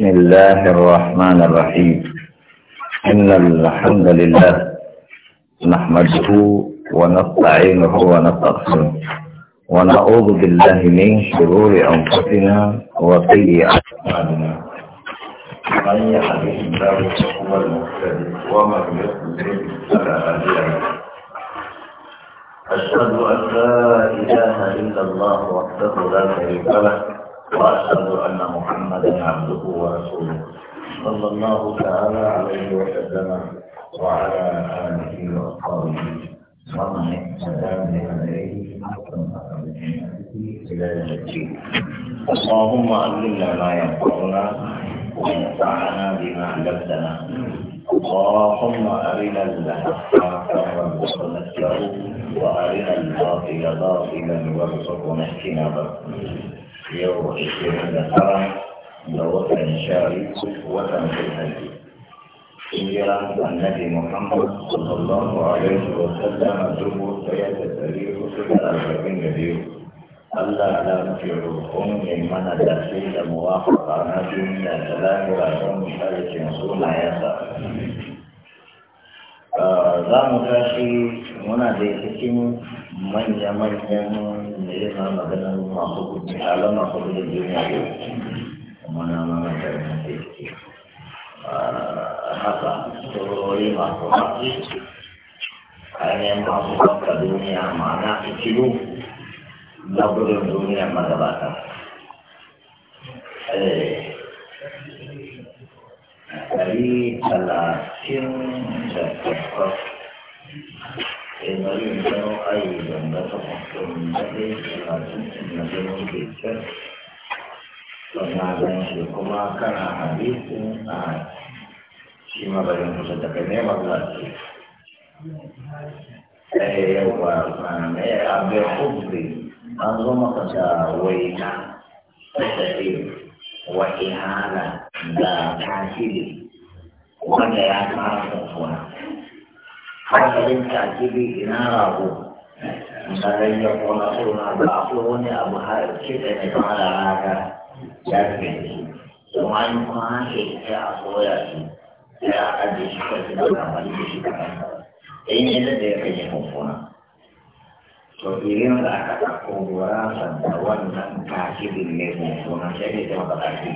بسم الله الرحمن الرحيم إن الحمد لله نحمده ونستعينه ونستغفره ونعوذ بالله من شرور أنفسنا وسيئات أعمالنا من يهده الله فهو المهتد ومن يضلل فلا هادي له أشهد أن لا إله إلا الله وحده لا شريك له وأشهد أن محمدا عبده ورسوله صلى الله تعالى عليه وسلم وعلى آله وأصحابه ومن اهتدى بهديه إلى يوم اللهم علمنا ما ينفعنا وانفعنا بما علمتنا اللهم أرنا الحق وارزقنا اتباعه وأرنا الباطل باطلا وارزقنا اجتنابه yau ishirin da tara da watan sha watan zulhaji hijiran annabi muhammad sallallahu alaihi wa sallam dubu daya da dari hudu da arba'in da biyu Allah ya mafi roƙon ya mana da sai da muwafaka na duniya da lahira don misalikin sunayensa. Ah, za mu tashi muna da cikin manya-manyan ne ma magana masu kuɗi alama kuɗi da duniya ko kuma na mana da ke ke haka tsorori masu haƙi kayan masu haƙa duniya ma'ana su kilo laburin duniya magabata dari talatin da takwas Ebaru dawo ayyukan da ta kwakwakwun da ɗaya talatin da gano ke can. Sannan shi kuma kana hadisin a shi ba zan kusa daga nema ba ce. Eh yawa ma ne abin hubri an zo maka da waina da tafi wa ihana da ya kama kuwa. hankalin takibi ina rago misalai ya kona suna ba a wani abu har ce da ne fara raga ya fi kuma an kuma ke ta a koya shi ya a ajiye shi kai da kamar da shi kamar in yi da ya kai ya kofuna to irin da aka ɗauko gurasa da wannan takibin ne kofuna sai ne ta ba ƙarfi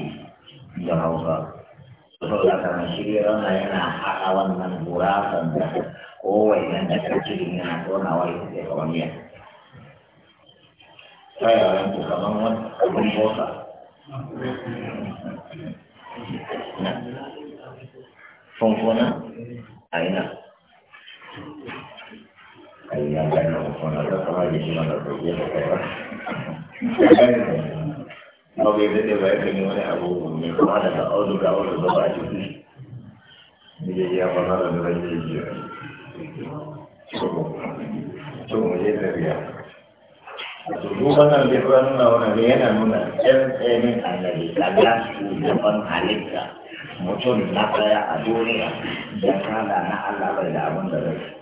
da hausa saboda kana shirya yana haɗa wannan gurasan da kowai nan da cikin yana tonawa ya tafiya kamar ta yaran ku kamar wani kamar bosa na funfuna a ina ai ya ga na funfuna da kuma da shi mana da ya da kai ba ba bai da da bai da wani abu mai kuma da auduga wanda ba a ciki ne ya ba na da da bai da to mu je tafiya to duk wannan nuna wannan ne yana nuna ɗan tsayin annabi kaga su daban halitta mutum na tsaya a duniya da kala na Allah bai da abin da zai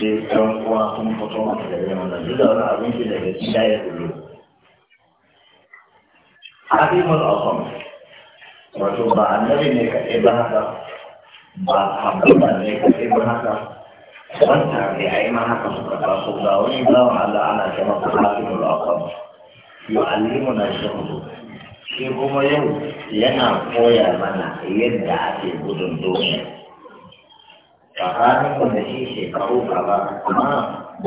sai ɗan uwa sun fito a da yawan da duk da wani abinci da ke gida ya ɗulo Habibul Awam wato ba annabi ne kaɗai ba haka ba hakuna ne kake ba haka wanda ne a yi mahaka suka taso ga wani bawan Allah ana ce masa hafizul aqab yu'allimuna shirku shi kuma yau yana koya mana yadda ake gudun duniya tsakanin mu da shi shekaru gaba amma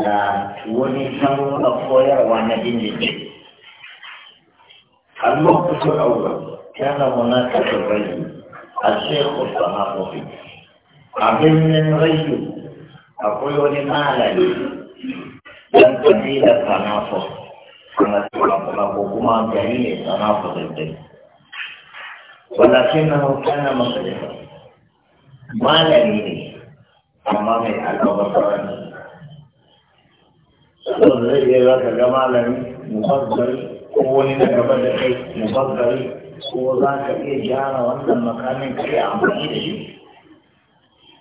da wani salo na koyarwa na jinjin a lokacin aure kana munaka ta bayi a shekhu sahabo fi abin nan rayu akwai wani malami don kabilar sanafo ko kuma gari ne sanafo daidai wallafin na hauka na masarifa malami ne amma mai albabar ne saboda zai iya za ka ga malami mubazzari ko wani na gaba da kai mubazzari ko za ka iya gyara wannan makamin kai amfani da shi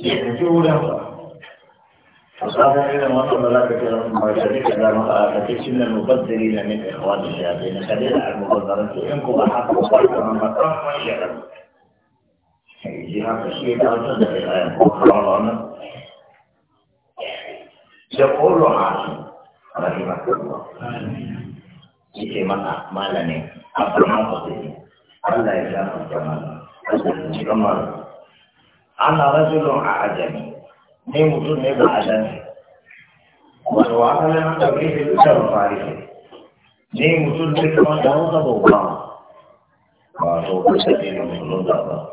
يكفي ولا فقال إذا ما صلى لك كلام ما شريك إذا ما أتيت من المبذرين من إخوان الشياطين خليل على المبذرين إنكم أحد وصلت من مكان ما يعلم جهة الشيء لا تصدق الآية قرانا يقول عاصم رحمه الله إذا من أعمالني أبرمته الله يجعل الجمال الجمال ana rajulun a ajami ne mutum ne ba ajami wani wakalin an ɗauke shi da rufari ne mutum ne kuma da wata babba ba musulun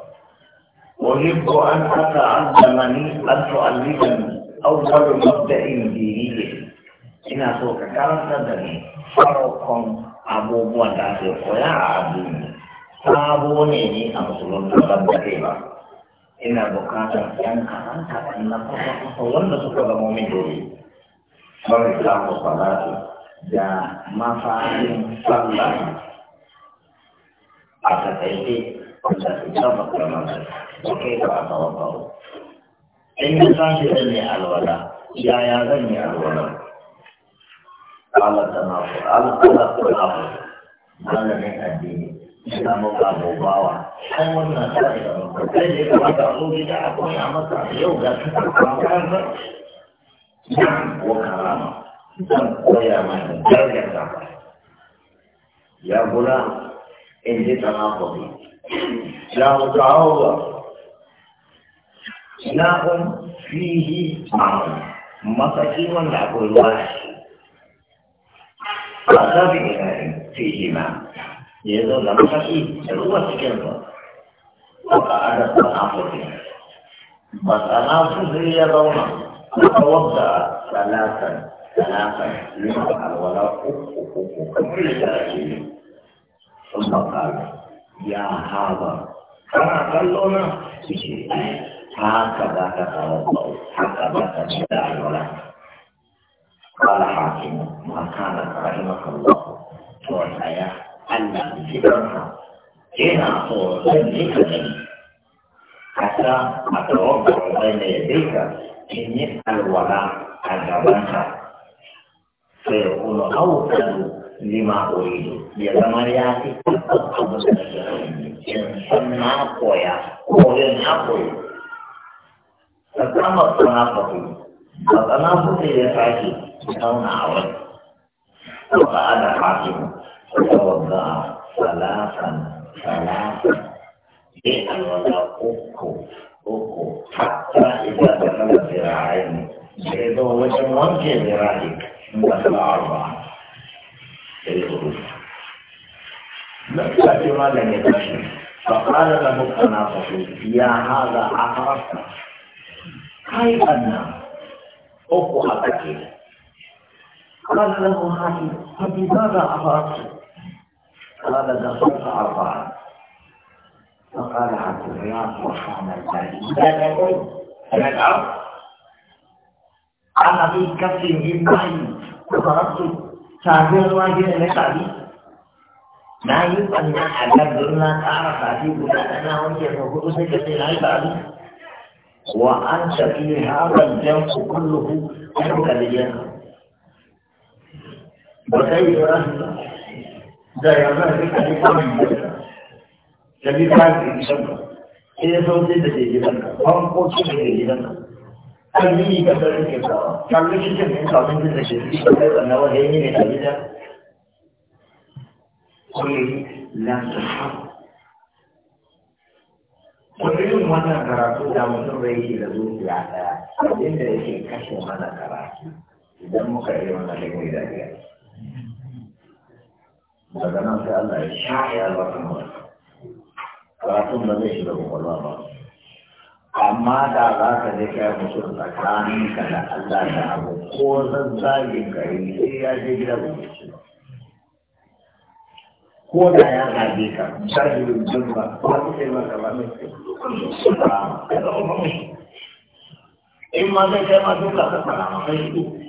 أن أتعلمني أن تعلمني أول مبدأ ديني ina so ka karanta da ni farkon abubuwan da ake koya a addini sabo ne ni a musulun da ba ina bukatar yan kaɗan kaɗan na kwakwakwakwa wanda suka zama min dole bari samu salatu da mafarin sallah a takaice wanda su saba kamar su kai ba a tawabaru in yi tashi zan yi alwala yaya zan yi alwala Allah ta nafu, Allah ta nafu, malamin addini yana maka gobawa ai wannan sai da kai ne ka ga zo gida a koya maka yau ga ka kan ba dan ko karama dan koya maka darajar da ya gura in ji ta mako bi ya mutawa na kun fihi ma'am masaki wanda akwai ruwa a sabi fihi ma'am ya zo da mashi da ruwa cikin ba ko ka ada ne zai ya zauna ko wanda salatan salatan uku uku ya da alwala قال حاكم ما كان Allah shi kansa yana tsoron ne ka gani kasa a tsoron kwarwai na ya daika in yi alwala a gabansa sai ya kuma aukalu lima uridu ya zama ya fi tabbas abin da ke san na koya koyon na koyo tsakanin tsanafafi a tsanafafi ya sake zauna a wani ba a da hakimu فوضع ثلاثا ثلاثا لأن ولا أكو أكو حتى إذا دخل ذراعين جيبه وجه وجه ذراعك مثل أربعة نفس ما لم يتشف فقال له التنافس يا هذا أعرفت كيف النام أكو حتى قال له هذه فبماذا أعرفت قال دخلت أربعة فقال عبد الرياض وحام الباري كان يقول أنا الأرض أنا في كفر من معي وضربت سافر واجه لك عليه ما يمكن أن أعرف تعرف ولا أنا وهي فقلت سجل العبادة وأنت في هذا الجنس كله أنك لجنة وكيف رحمه da ya za a da ta bi ta gidan ka da ka ka yi ne da ke yi kullum ta wannan karatu da mutum bai yi da zuciya ɗaya abinda yake kashe mana karatu idan muka yi wannan lagos da biyar daga nan sai Allah ya sha ba ta mawar karatun ba zai shiga kwakwalwa ba amma da za ka je kai mutum tsakanin ka da Allah da abu ko zazzagin ka yi sai ya je gida ba ko da ya gaje ka sai yi ba ba su sai maka ba mai in ma zai kai ma duka ka fara mai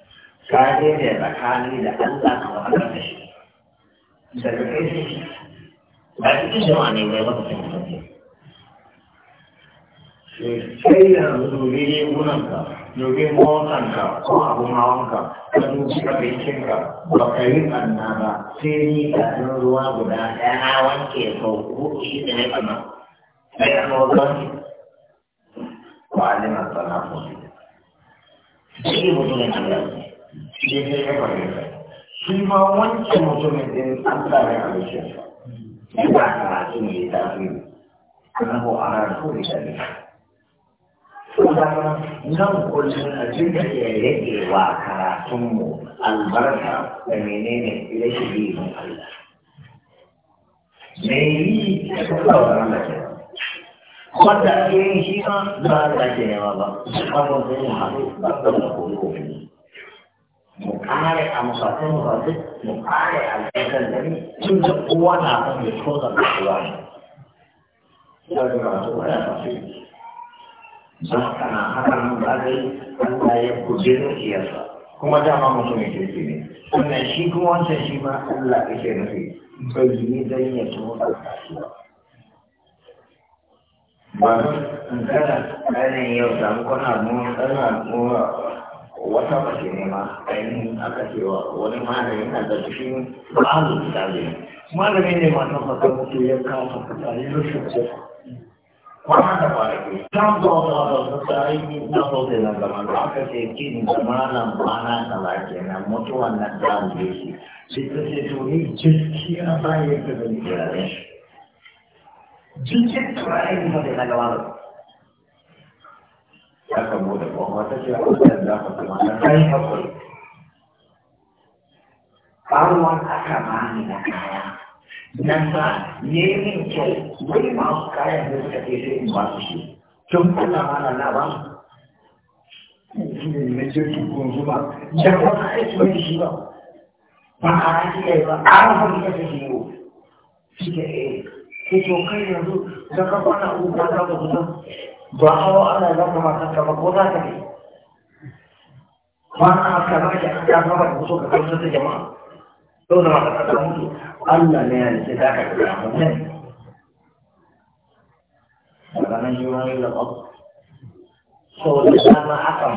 ka ne tsakani da Allah na wahalar da shi daga kai ne shi ba cikin jama'a ne mai baka cin mutunci kai yanzu dubi gunanka dubi motanka ko abun hawanka ka dubi abincinka ba ka yi ɓanna ba sai ni kafin ruwa guda ɗaya na wanke sau huɗu shi na sai ba shi ne ya fahimta shi ma wancan mutumin din an sa ne a zuciyarsa shi ba ta shi ne ta fi annahu ala kulli dalil saboda nan kullum a jinda ya rage wa karatunmu albarka da menene rashin yi Allah Me yi da kuma wannan lafiya wanda yin shi ma ba za ta yawa ba babu zai haɗu ba da kuma kuma mu kare a musafin rabu mu kare a cikin gari tun da kowa na kan da koza da kowa ne masu wani za ka na haka nan ba zai wanda ya kujeru iyasa kuma dama mutumin kirki ne wannan shi kuma wancan shi ma Allah yake nufi bai yi dan ya tuwo da kasuwa ba don in kana ainihin yau samu kana nuna wata mace ne ma ainihin aka cewa wani malamin na da cikin ba'alu misali malamin ne ma tafa ta mutu ya kawo fata ya rushe kofa kwana da kwanaki ta zo ta ta yi na so ta na zama da aka ce kin zama nan kwana da lafiya na mutuwan nan da shi sai ta ce to ni gaskiya ba yadda zan kira shi jikin ta ba yi da na gaba aka bude kuma ta ce kusan da aka kuma ta kai hakuri karuwan aka bani da kaya nan ba ne min kyau wani masu kayan da suka ke sai in ba su shi tun kuna mana na ba ne ce tukun zuba da kuma aiki wani shi ba ba a rashi kai ba a rafa da ta shi yau shi ke to kai yanzu da kafa na uku za ka kusa ba hawa ana zama matan ka ba ko za ka ne ba a haka ba ki an gama ba ku ka kawo da jama'a dole ma ka kawo mutu Allah ne ya ce za ka kawo mutu ranar yiwuwar da ƙwaƙwa sau da dama akan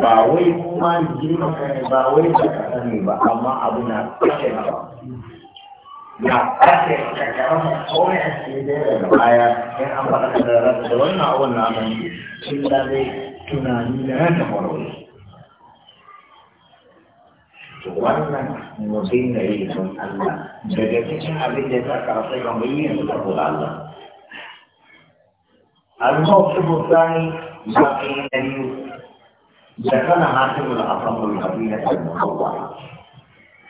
ba wai kuma girma ba wai ba ka sani ba amma abu na kashe ba ya ake karkara kome a cikin da baya in da wannan abun na nan sun da zai tunani da nan wannan mutum da yi sun Allah daga cikin abin da ta karasa ga mai da kula Allah الموقف الثاني بقي النبي ذكر حاتم الأصم القبيلة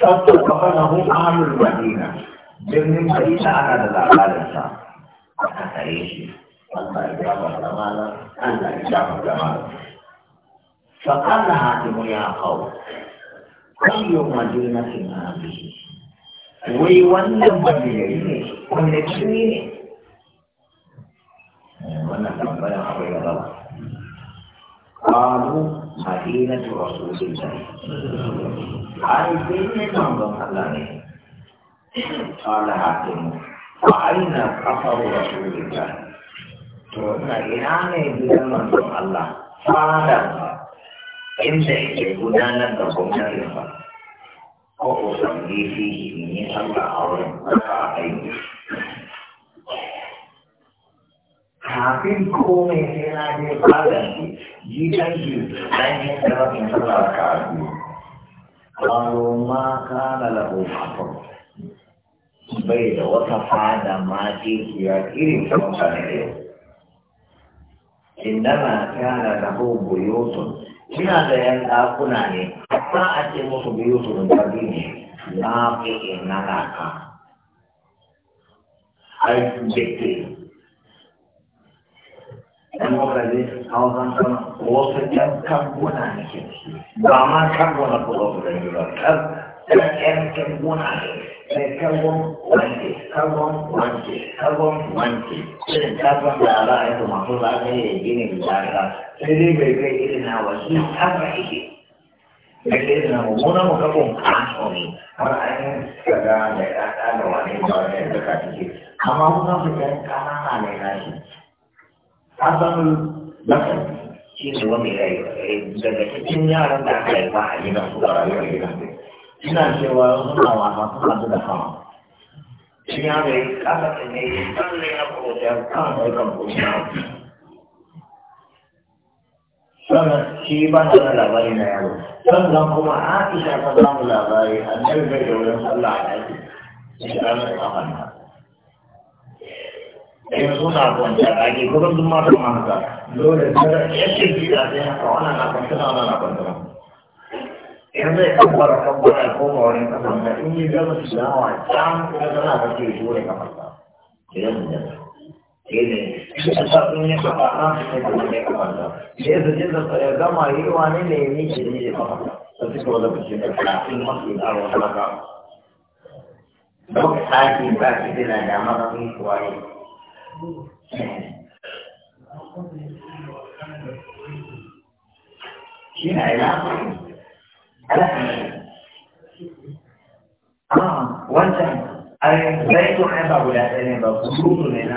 سوف قبله أهل المدينة birnin Madina ana da labarinsa aka tare shi Allah ya gaba da malam Allah ya gaba da malam فقال حاتم يا قوم أي مدينة هذه وي wannan madinai ne wanda cini ne wannan tambayar akwai gaba قالوا مدينة رسول الله عن سيدنا منظم الله قال حاكم وأين قصر رسول الله تقولنا إناني بلا منظم الله قال إن تحكي قدانا تقوم نرفا وأصلي فيه إني صلى أورم Kafin komai sai na je ƙarar yi dangi dan yin da mafi sallah ka abu kwaro ma kana lahu kafar bai da wata fada ma ke kira irin ta mutane da yau indama kana lahu buyutun ina da yan dakuna ne amma a ce musu buyutun da ne na fi inana ka ai da ke ɗan kwakwale hausan kan wasu ɗan kanguna ne ba ma kanguna ko ba ku da yi ba kan ɗan kanguna ne mai kangon wanke kangon wanke kangon wanke irin da ala a yi masu zagaye gini da zaka sai dai bai kai irin na wasu kasa ike Jadi namun muna muka pun kami orang yang sedang dekat ada wanita yang dekat kita. Kamu muna sedang kanan ada lagi. 他们那，其实我没那个，哎，这个是新疆人干开发，一个辅导员一个人的，那是我爸爸他他做的好。新疆的，他那是你，他那个不像，看起来更不像。什么？七八十了，把你那个，刚刚恐怕二十岁，刚不拉倒，还那个叫什么拉来？七八十了，拉来。yanzu na kwanci a ɗaki gudun duk mata ma haka dole sai ya ce ji da sai haka wannan na kwanci na wannan na kwanci na yanzu ya kabbara kabbara ya koma wurin kafan da in yi gama shi na hawa can kuma tana kwanci shi wurin kafan da ya yi mu yanzu shi ne shi ta sun yi kafa na su ne kuma ne kafan da shi ya zaje da ya gama yi wa ne ne ne shi ne ya kafan da su suka wanda kuce da kafin masu da arwa talaka. Duk sake ba shi dina da mara kuwa ne. shi na ila ah ba guda ne ne na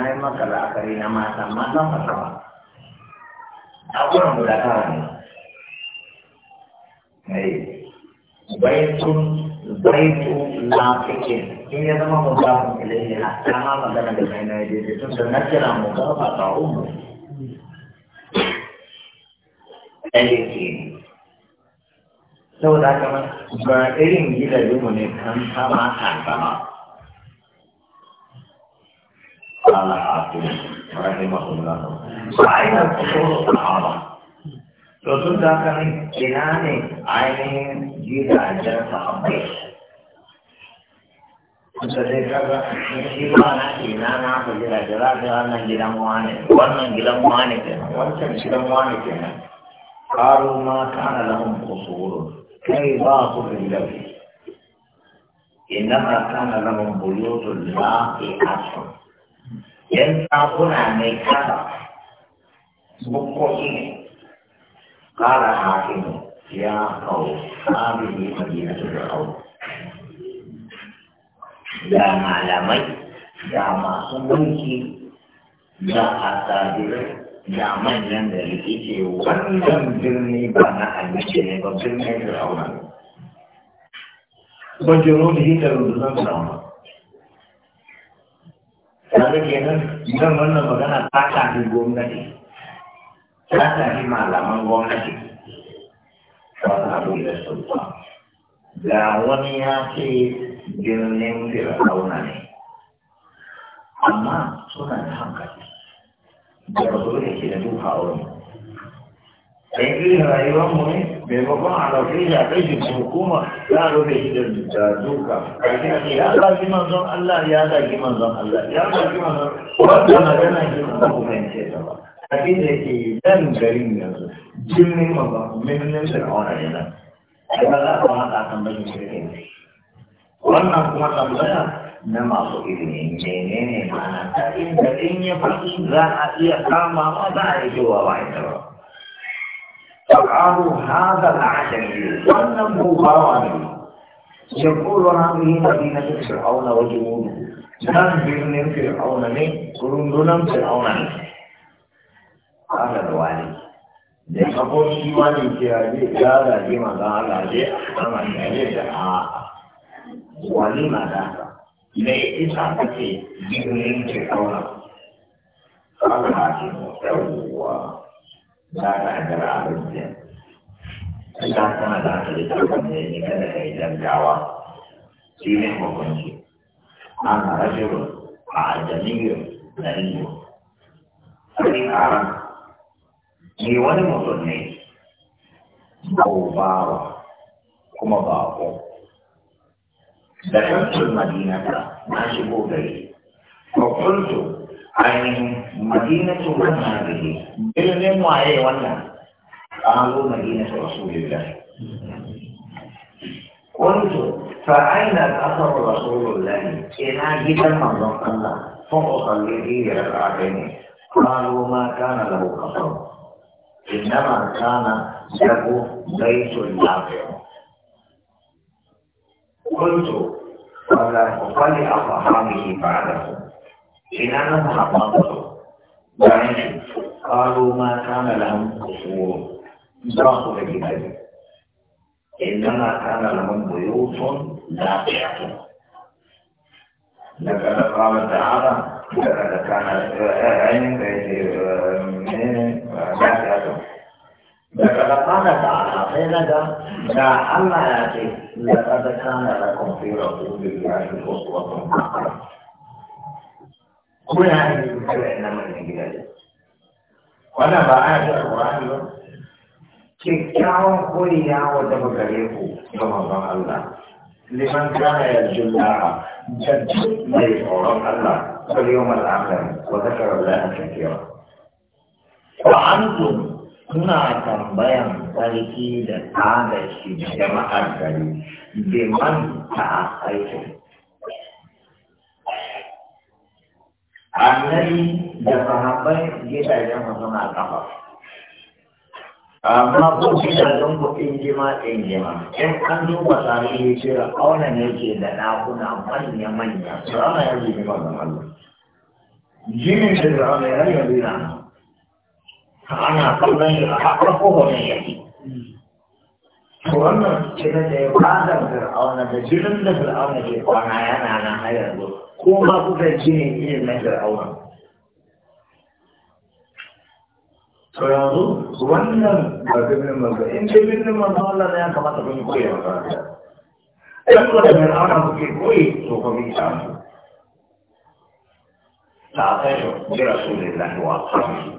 yi maka na mata mata fasawa a gurin guda tara ne bai tun bai in ya zama mudafin ilaihi hatta ma magana da kai na daidai tun da na kira a ta ummu ɗaya ke saboda haka ba irin gidajen mu ne kan sama kan sama Allah aku rahimahullah ainihin kusuru sahaba to tun da haka ina ne ainihin gidajen sahabbai sai kaga shi ba na ke na na ku jira jira sai wannan gidan wane wannan gidan wane kenan wancan gidan wane kenan qalu ma kana lahum qusurun kai ba su da gidan innama kana lahum buyutun la yaqasun yan tsakuna ne kasa bukkoki ne qala hakimu ya qaw hadhihi madinatu al hau. da malamai da masu mulki da asabirai da manyan da rikice wannan birni ba na annabi ne ba birnin fir'auna ba jiro da hitar rundunar fir'auna Kaga kenan idan wannan magana ta tafi gwamnati, ta tafi malaman gwamnati, ta tafi da sulta. Ga wani ya ce birnin fir'auna ne amma suna da hankali da ba dole ke da duka a wani ɗan irin rayuwar mu ne maimakon a ɗauke shi a kai shi hukuma za a rufe shi da duka ƙarfi ya zagi manzon Allah ya zagi manzon Allah ya zagi manzon wanda magana shi ba ku fahimce ta ba abin da yake dan garin yanzu jirgin manzon mimmin fir'auna ne nan ba za a haɗa kan bakin shirkin wannan kuma tambaya na masu ilimi menene ma'ana ta inda in ya faɗi za a iya kama ma za a yi cewa ba ita ba فقالوا هذا العجمي وانه باوان يقول هذه مدينة فرعون وجنوده كان بيرن فرعون ني كلندن فرعون ني ne? الوالي da kafin shi wani kira zai ya ji maza Allah zai a kama da a'a walima da Me mai isa kake jirgin ke kauna Allah ke yawuwa za ka hajjara a rijiya Allah tana za ka da kyautar da ya kada ka yi gaggawa shi ne hukunci ana rajulu a ajamiyu na riyo sai kara ni wani mutum ne bawa kuma ba ko. da yankin madina ta na shigo gari kwakwarto ainihin madina ta wannan gari irin ne mu waye wannan a hango madina ta wasu lillah kwanto ta aina kasar wasu lillah ke na gidan mamban allah fa o kalli riyar ne kwano ma kana da bukatar inama kana zago baitun قلت أصحابه بعده الى ان تحققوا بعيد قالوا ما كان لهم قصور في الجبال إنما كان لهم بيوت دافعة لقد قال تعالى لقد كان عند لقد قال تعالى قيل لا الله يأتي لقد كان لكم في رسول الله أسوة حسنة كل هذه الكلمة من الجلالة وأنا بآية القرآن kyakkyawan koyi ya wata gare ku ga manzon Allah liman kana yarju Allah jaddu mai tsoron Allah kul yawmal akhir wa dhakara Allah kathira wa antum suna tambayan sarki da ta da shi da jama'ar gari biman ta a aiki. Annari da sahabbai gidajen suna kafa. Amma ko gidajen jima ɗin jima, in an duba tarihi cewa ƙauna ne ke da ɗakuna manya-manya, su ana yanzu jima da Allah. Jinin da zama mai har yanzu na ana kallon shi a haƙar kowane yaki wannan jinin da ya fadar fir'auna da jinin da fir'auna ke kwana yana nan har yanzu ko ma kuka jinin irin na fir'auna to yanzu wannan ba birnin manzo in dai birnin manzo wannan ne ya kamata kun koyi wa kanta dan da mai kuke koyi to ko bi ta ta kai shi bi rasulullahi wa sallallahu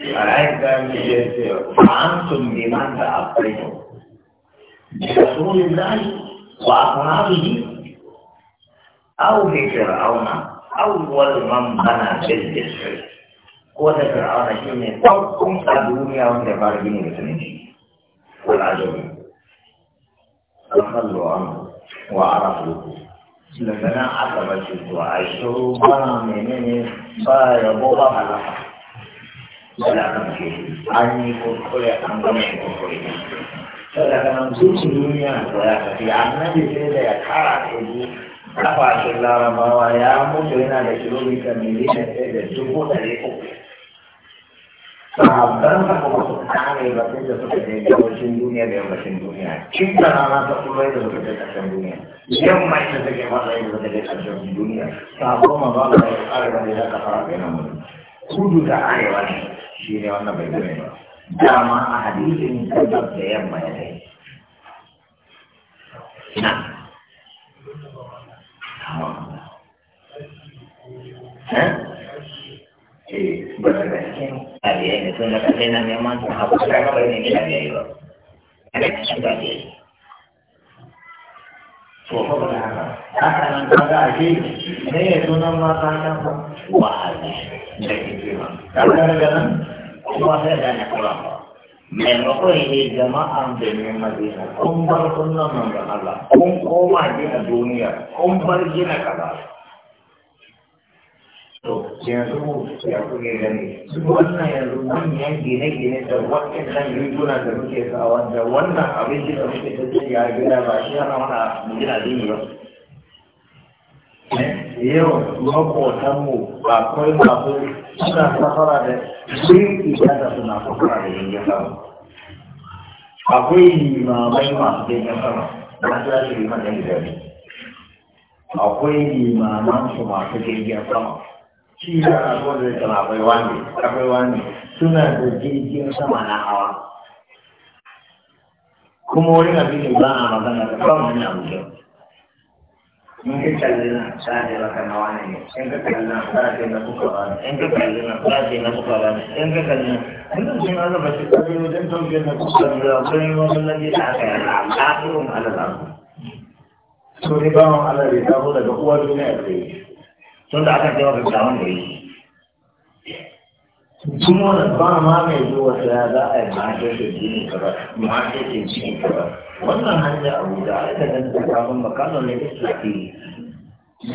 فعزة مجلسة وعنتم بمن تأطيه برسول الله وأصحابه أو بفرعون أول من بنى بالجسر هو ده فرعون شنو فوقكم أدوني أو تبارجين بسنين والعجب أخلوا عنه وعرفوا لما عقبت وعشروا بنا منين بايبوا بها لحظة dalam Ani kumpulnya kampungnya kumpulnya Saya akan mencuci dunia Saya kasih anak di sini saya kalah ini Apa sila bawa ya Mungkin ada seluruh bisa milih Saya cukup dari kumpul Sahabat aku masuk kami Berarti itu seperti dia bersin dunia Dia bersin dunia Cinta anak sepuluh itu seperti bersin dunia Dia main seperti masa itu seperti bersin dunia Sahabat membawa Ada yang tidak keharapin namun Kudu tak ada shi ne wannan bai gane ba dama a hadisin sallar da yamma ya kai na Eh, benar kan? Tadi yang itu nak kena memang apa sekarang apa ini kita dia itu. Ada sudah dia. Sofa berapa? Akan ada ne Ini itu nama tanah. wa'azi da hikima kamar daga nan kuma sai da na kula ba maimakon ne jama'an birnin Allah kun koma gina duniya kun bar gina kaza to yanzu ya gani su wannan yanzu manyan gine-gine da waɗannan riguna da muke sawa da wannan abinci da muke tattali ya gida ba shi yana mana gina ba yawan makotanmu ba kawai masu suna safara da birki da suna safara da yanyan sama akwai limamai masu yanyan sama na zafi liman da gidari akwai limaman su masu jirgin sama shi da abuwa da tana akwai wani akwai wani suna da jirgin sama na hawa kuma wani abin da ba a magana da kawai wani abu إن تكلنا ثاني ركن وانية إن تكلنا ثاني نبقران إن تكلنا ثاني نبقران إن تكلنا إن تكلنا هذا بس تقول إن تكلنا كسر ربنا ومن الذي تعالى عاقلهم على الأرض سوريبهم على الرضا هو القوة دون أبدي تون دعك جواب الكلام لي ثم ربنا ما من جوا سلاذا ما شيء تجيني كبر ما شيء تجيني كبر wannan hanya an da aka da kafin makano ne da fi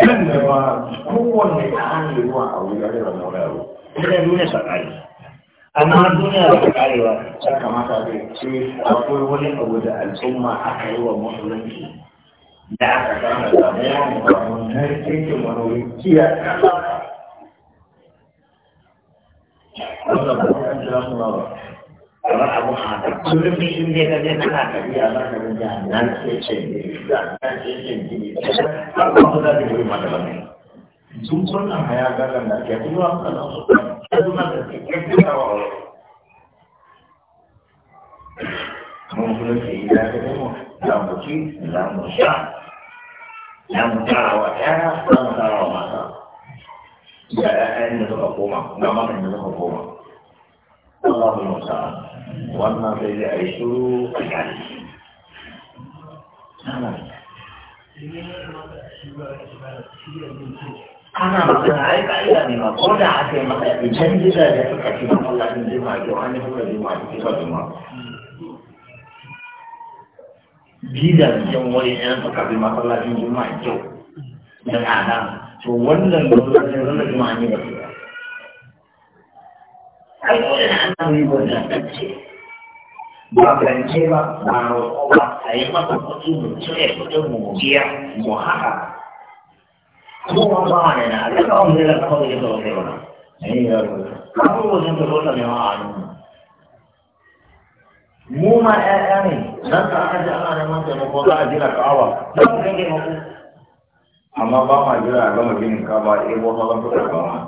nan da ba kowane ta hanyar ruwa a wuri da rera moraro ina nuna sakari amma duniya da karewa ta kamata da ce akwai wani abu da al'umma aka yi wa musulunci da aka gana damuwa mukamman tarihin manori kiyar kasa wannan ba ta yi kamar abun a haka kullum ne in dai kaje kana tafiya za ka ga jami'an tsaye jami'an tsaye jini har ba ku za ka yi mata ba ne sun haya da ke kuma kana su kuma da ke kuma wa mun kullum ke yi da ka ga mu za mu ci za mu sha za mu tara wa ɗaya za mu tara wa mata da ɗayan da suka koma ga matan da suka koma Allahumma ta'ala wannan sai dai a yi shuru a kare ana magana ai ka'ida ne ma ko da aka yi maka idan gida da suka ci na Allah jima ke wani suka jima a cikin jima gidan yan wani yan suka bi masallacin juma'a kyau da ana to wannan lokacin zan zama juma'a ne ba su ai dole na ba ba ba roƙo ba a yi masa kuɗi mu cire kuɗin mu biya mu haka kuma ba wani na a duka wani da kawai da kawai wani ne ya rubuta abubuwan da kawai ne ma a mu ma ƴaƴa ne nan ka aka ji ana neman taimako za a jira kawa za ku kan taimako amma ba ma jira a gama ginin ka a ɗebo sauran kuɗin ma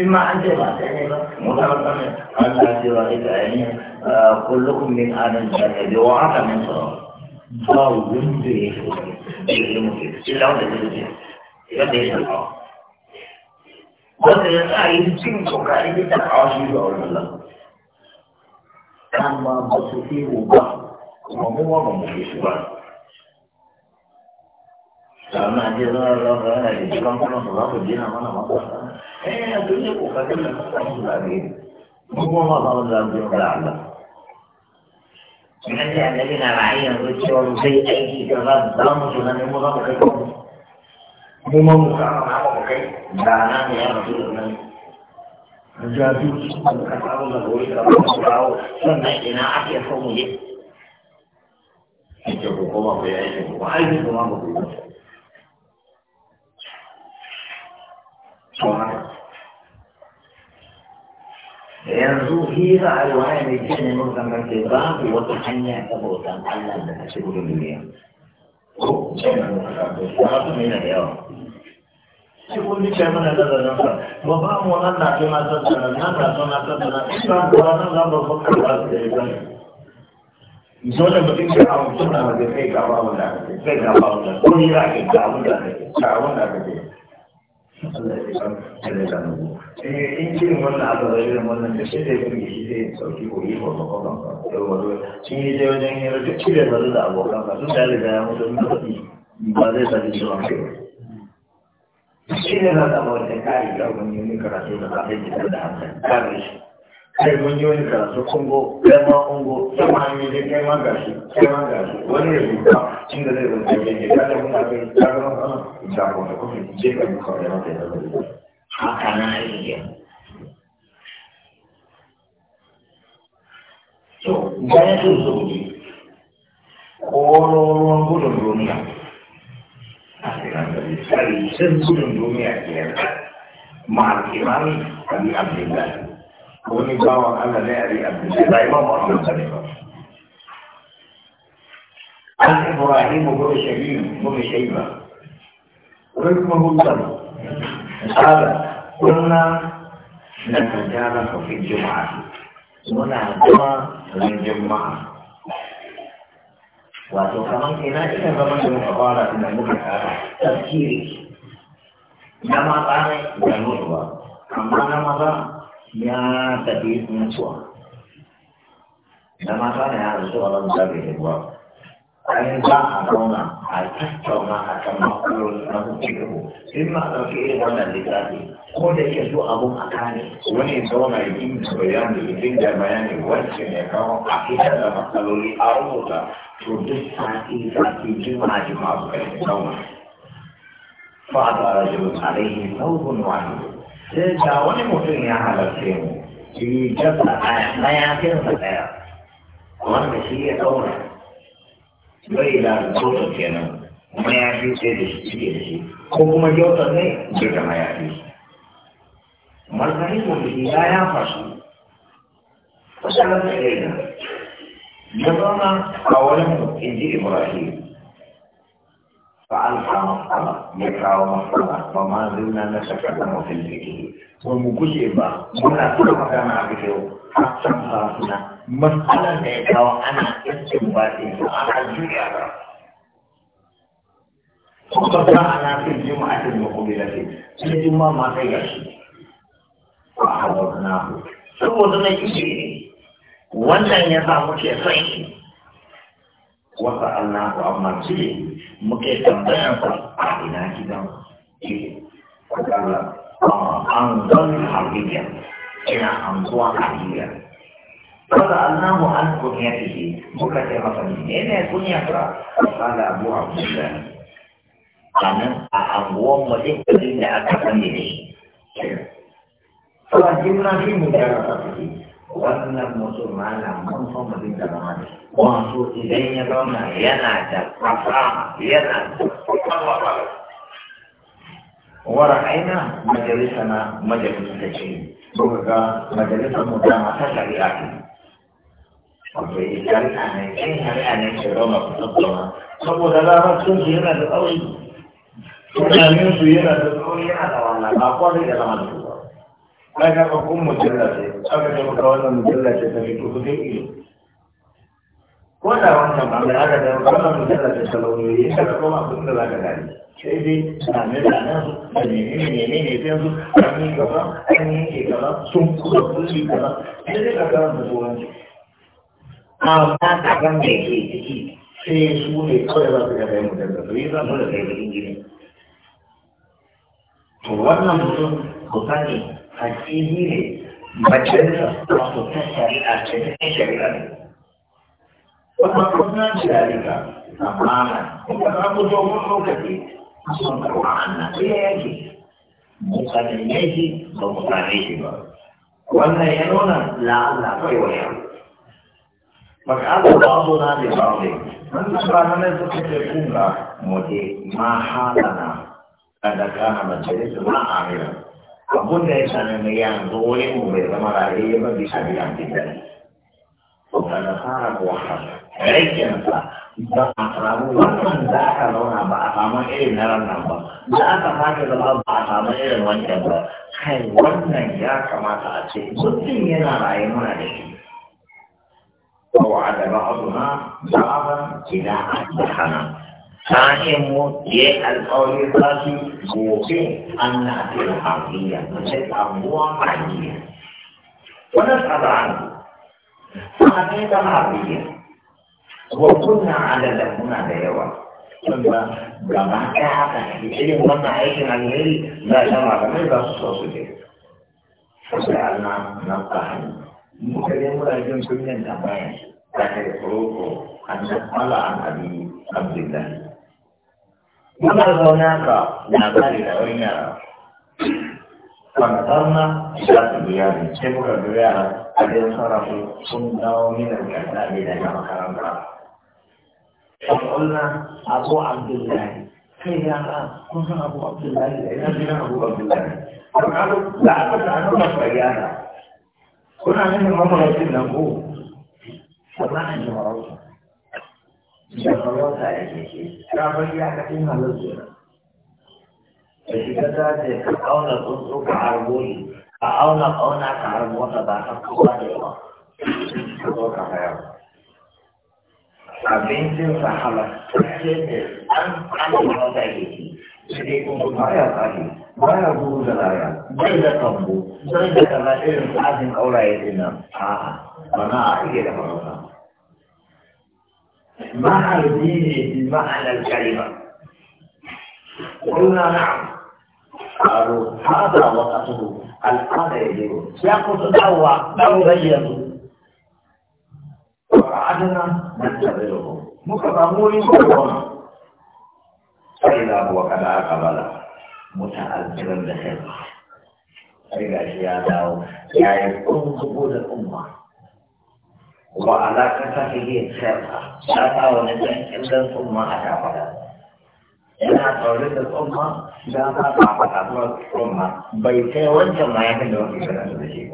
إما أن تبعث مطلقا ألا سوى يعني كلكم من آل الجنة بوعد من صلاة من يمضي يعلمك إلا أن تجد يدي الله وتجد يمكنك أن تتعاشي بأول الله كما بصفي وبا وهو ممكن سبحانه فما جزاء الله فأنا لجيكم كنا صلاة الدين أمانا مطلقا eh a duniya kokarin da kuka yi zagaye mu kuma ma ba mu zagaye da Allah nan da annabi na ra'ayin zuciyar zai aiki da za mu samu tunanin mu za mu kai kuma mu ma mu samu na ya rasu da nan jadi sudah kata Allah kalau kalau sana ina akhir kamu ya itu koma bayar itu wajib koma sauran yanzu hira a wani mai ce ne mun zambar da babu wata hanya ta bautan Allah da ta shigo da duniya. Ko, kun ji cewa mana zazzan sa, ba ba mu nan na fi na zazzan nan na na zazzan nan, ina kuwa nan za mu fuka ba su da yawa. Dole mutum ka suna da kai ga babu da kai, ga babu da ko hira ke ga abun kai, ga abun kai. Eh, in cin wannan abu da irin wannan da shi sauki ko yi ko ko ban ba to wato shi ne dai wajen da zaru da abokan ka tun wani wajen kare ga wani karatu da ba zai ji da hankali kare shi kai mun yi wani karatu kungo kai ma kungo sai ma yi ne kai ma gashi kai ma gashi wani ya zuba inda zai zanta ke ne kada mun a kai ta ga mana da ko da kuma je ka muka da mata da haka na yi to bayan sun zo ne kororon gudun duniya sai sun gudun duniya ke yarda ma'a kimani kan abin da وني باو انا لاري ابن سيدنا امام احمد بن حنبل قال ابراهيم بن شهيم بن شيبة رحمه الله قال كنا نتجالس في الجمعة هنا جمعة للجمعة واتو كمان هنا إذا كمان جمعة قال إن المبنى هذا تذكيري نما تاني ya tafi mutuwa da mata ne ya zuwa ran da ruwa ayin za a zauna a tattauna a kan makulun na hukumu in ma ɗauki irin wannan littafi ko da yake zo abun a kane wani zauna ya dinga bayani ya dinga bayani wacce ne kawo a fitar da matsaloli a rubuta to duk sati sati jima'a jima'a su zauna fa a tsara alaihi sauƙin wani sai da wani mutum ya halarce mu shi jabla ɗaya ɗaya kinsa ɗaya wanda shi ya ɗaura bai da zoto kenan kuma ya fi sai da shi cike da shi ko kuma jautar ne bai da ma mayafi martani ko shi ya ya fasu kusa da tsaye da ya zama a wurin inji ibrahim ba mu guje ba muna kuma magana a bude a can ba suna matsalar da ya kawo ana yankin ba ɗin su a aljiya ba kuma ba a na fi jima a cikin makobi da ke sun ji ma ma kai ga shi a halar na hu saboda wannan ya samu ke sai wasa Allah ku amma ce muke tambayar sa a ina gidan ce kala an zan hariya ina an zuwa hariya kala Allah an kunya ce muka ce masa ne ne kunya fa kala Abu Abdullah anan a anguwan mu din da aka sani ne Fala jimna fi ka fi wannan mutum mana mun san mutum da zama ne wato idan ya zauna yana da fasaha yana da fasaha wara aina majalisa na majalisa ta ce ko ga majalisa mu ta mata shari'a ce wato idan ana yin shari'a ne ke zauna ku tattauna saboda larabcin su yana da tsauri tunanin su yana da tsauri yana da wannan. ba kwarai da zama da su ai na farkon mujalla ce aka ce maka wannan mujalla ce ta fito kudin ido ko da wannan ba mai aka ce wannan mujalla ce ta lauyoyi ya ka kuma abin da ka gani sai dai da nan da sai yanzu an yi gaba an yi gaba sun kuma kulli gaba sai dai ka karanta turanci amma kagan da ke ciki sai su ne kawai za su ga kai mujalla to yi za mu da kai da ingini to wannan mutum ku sani hakimi ne majalisar wato ta shari'a ce ta shari'a ne wata kuma shari'a amana kuma za ku zo mun lokaci a son karɓa annan ɗaya yake mutane yake ba mutane shi ba wannan ya nuna la'alla kai ba ne? فقال بعضنا لبعض من سبحان الله تكون مودي ما حالنا أذا كان مجلس ما عاملا abun da ya sami mai yanzu wurin mu bai zama raye ba bisa biyan bidani wanda fara wahala rikin sa ba a samu wannan da aka zauna ba a samu irin na ranar ba da aka fata zama ba a samu irin wancan ba kai wannan ya kamata a ce mutum yana raye muna da shi a ووعد بعضنا بعضا da أن تحنا فاهمه يه القول الراسي موقن أن في الحقيقة مسك أموع عالية ونسأل عنه فحقيقة عربية وكنا على لهنا ديوة ثم جمع كعبة يجري مهمة عيش عن غيري لا جمع كمان بس صوصي كده فسألنا نبقى مكلمة رجل كلنا نبقى لكن الخروج أن نقل عن أبي عبد الله Muna zauna ka labari da wani yara. Kwantarna za su biya ne, sai muka ga yara a jin sarrafa sun dawo mina karta ne daga makaranta. Kwantarna Abu Abdullahi, kai yara kun san Abu Abdullahi da ina jiran Abu Abdullahi. Kwantarna da aka da aka mafa yara. Kuna nufin mafarautin nan ko? Sannan an yi da farauta yake shi kamar ya kafin halarci da ka auna ka auna auna ba da yawa ka ka an kama wata ke ci sai kuma baya tsari baya buru da laya bai da kambo bai da kaza irin tsarin ƙauraye a'a bana a da farauta معرضين بمعنى الكلمة قلنا نعم قالوا هذا وقته الآن يجب يقصد دعوة لو بينوا وقعدنا ننتظره مكرمون كلهم فإذا هو قد أقبل متأثرا بخير فإذا شيء دعوه يعرف أنظبوا الأمة وعلى كتفه خرقة شاتا ونزل إلا ثم أتى yana da tsumma da bai kai wancan ma yakin da wani da shi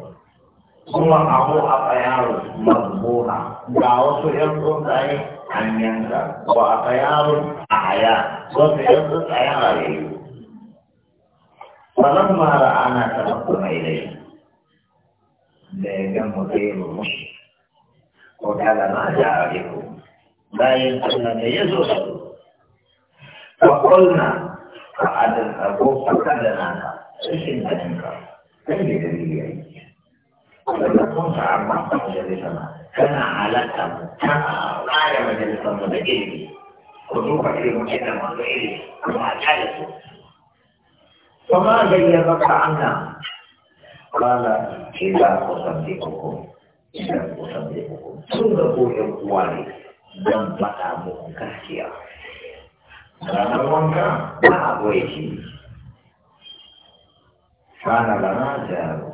kuma abu a tsayaro mazbuha ga wasu yan tsuntsaye an yanka ko a tsayaro a haya wasu yan tsuntsaye a rayu falan mara ana taɓa kuma ilai da ya gan mu zai ko daga ma ja aliku bayan Allah ne ya zo da wa qulna fa adan abu fakadana rashin ganinka kai ne da ni yayi Kuma kun sa amma ba da sama kana halatta mu ta ware mu da ilimi ko duba ilimin kenan masu ilimi kuma a kyale su فما غيبك عنا قال إذا أصدقكم ina so san da ku sun yan ne dan muku gaskiya ranar wanka ba a goye shi da lana jaro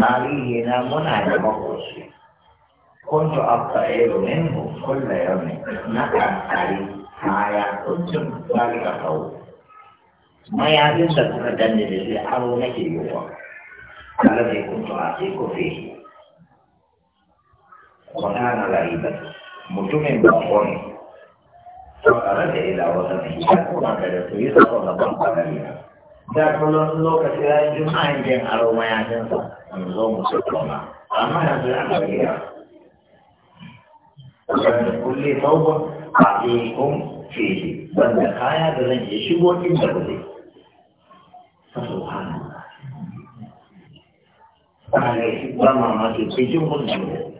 tarihi na muna da makoci كنت أبتعد منه كل يوم نقل علي معايا kuka ذلك قول ما aro لك مدن للي أرونك يوم الذي كنت أعطيك فيه وكان غريبا متوم بطون فأرد إلى وسطه تكون كده سويسة ولا بطا غريبا داخل الله كثيرا الجمعة يمكن أروا ما ان صح انظر مسلمة أما يصير أن ان ان ان ان ان ان ان ان ان ان ان ان ان ان ان غريبا ان كل ثوب أعطيكم فيه بل بخايا بذن يشبه كم تبدي فسبحان الله أنا ان ما ما تبقيتم كل جمعة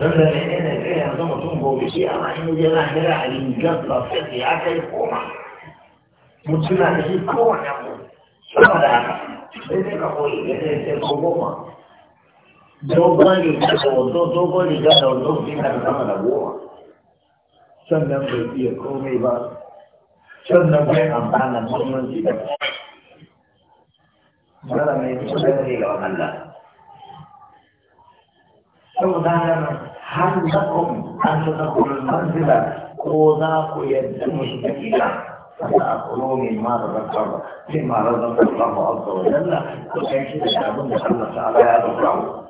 sannan ne ne ne kai zama tun gobe shi amma in yi jira jira a rigar sosai ya kai koma mutum na da shi kowane mu sama da haka sai dai ka koyi da zai sai ko goma dogon riga da wato dogon riga da wato ka na sama da goma sannan bai iya komai ba sannan bai amfana muhimmanci da Zara mai kusa da ne ga Allah. Saboda haka هل لكم أن تدخلوا المنزل وذاك يدعو الشكيلة فتأكلوني ما تذكر مما رزق الله عز وجل وكيف تشهدون أن تعالى يذكره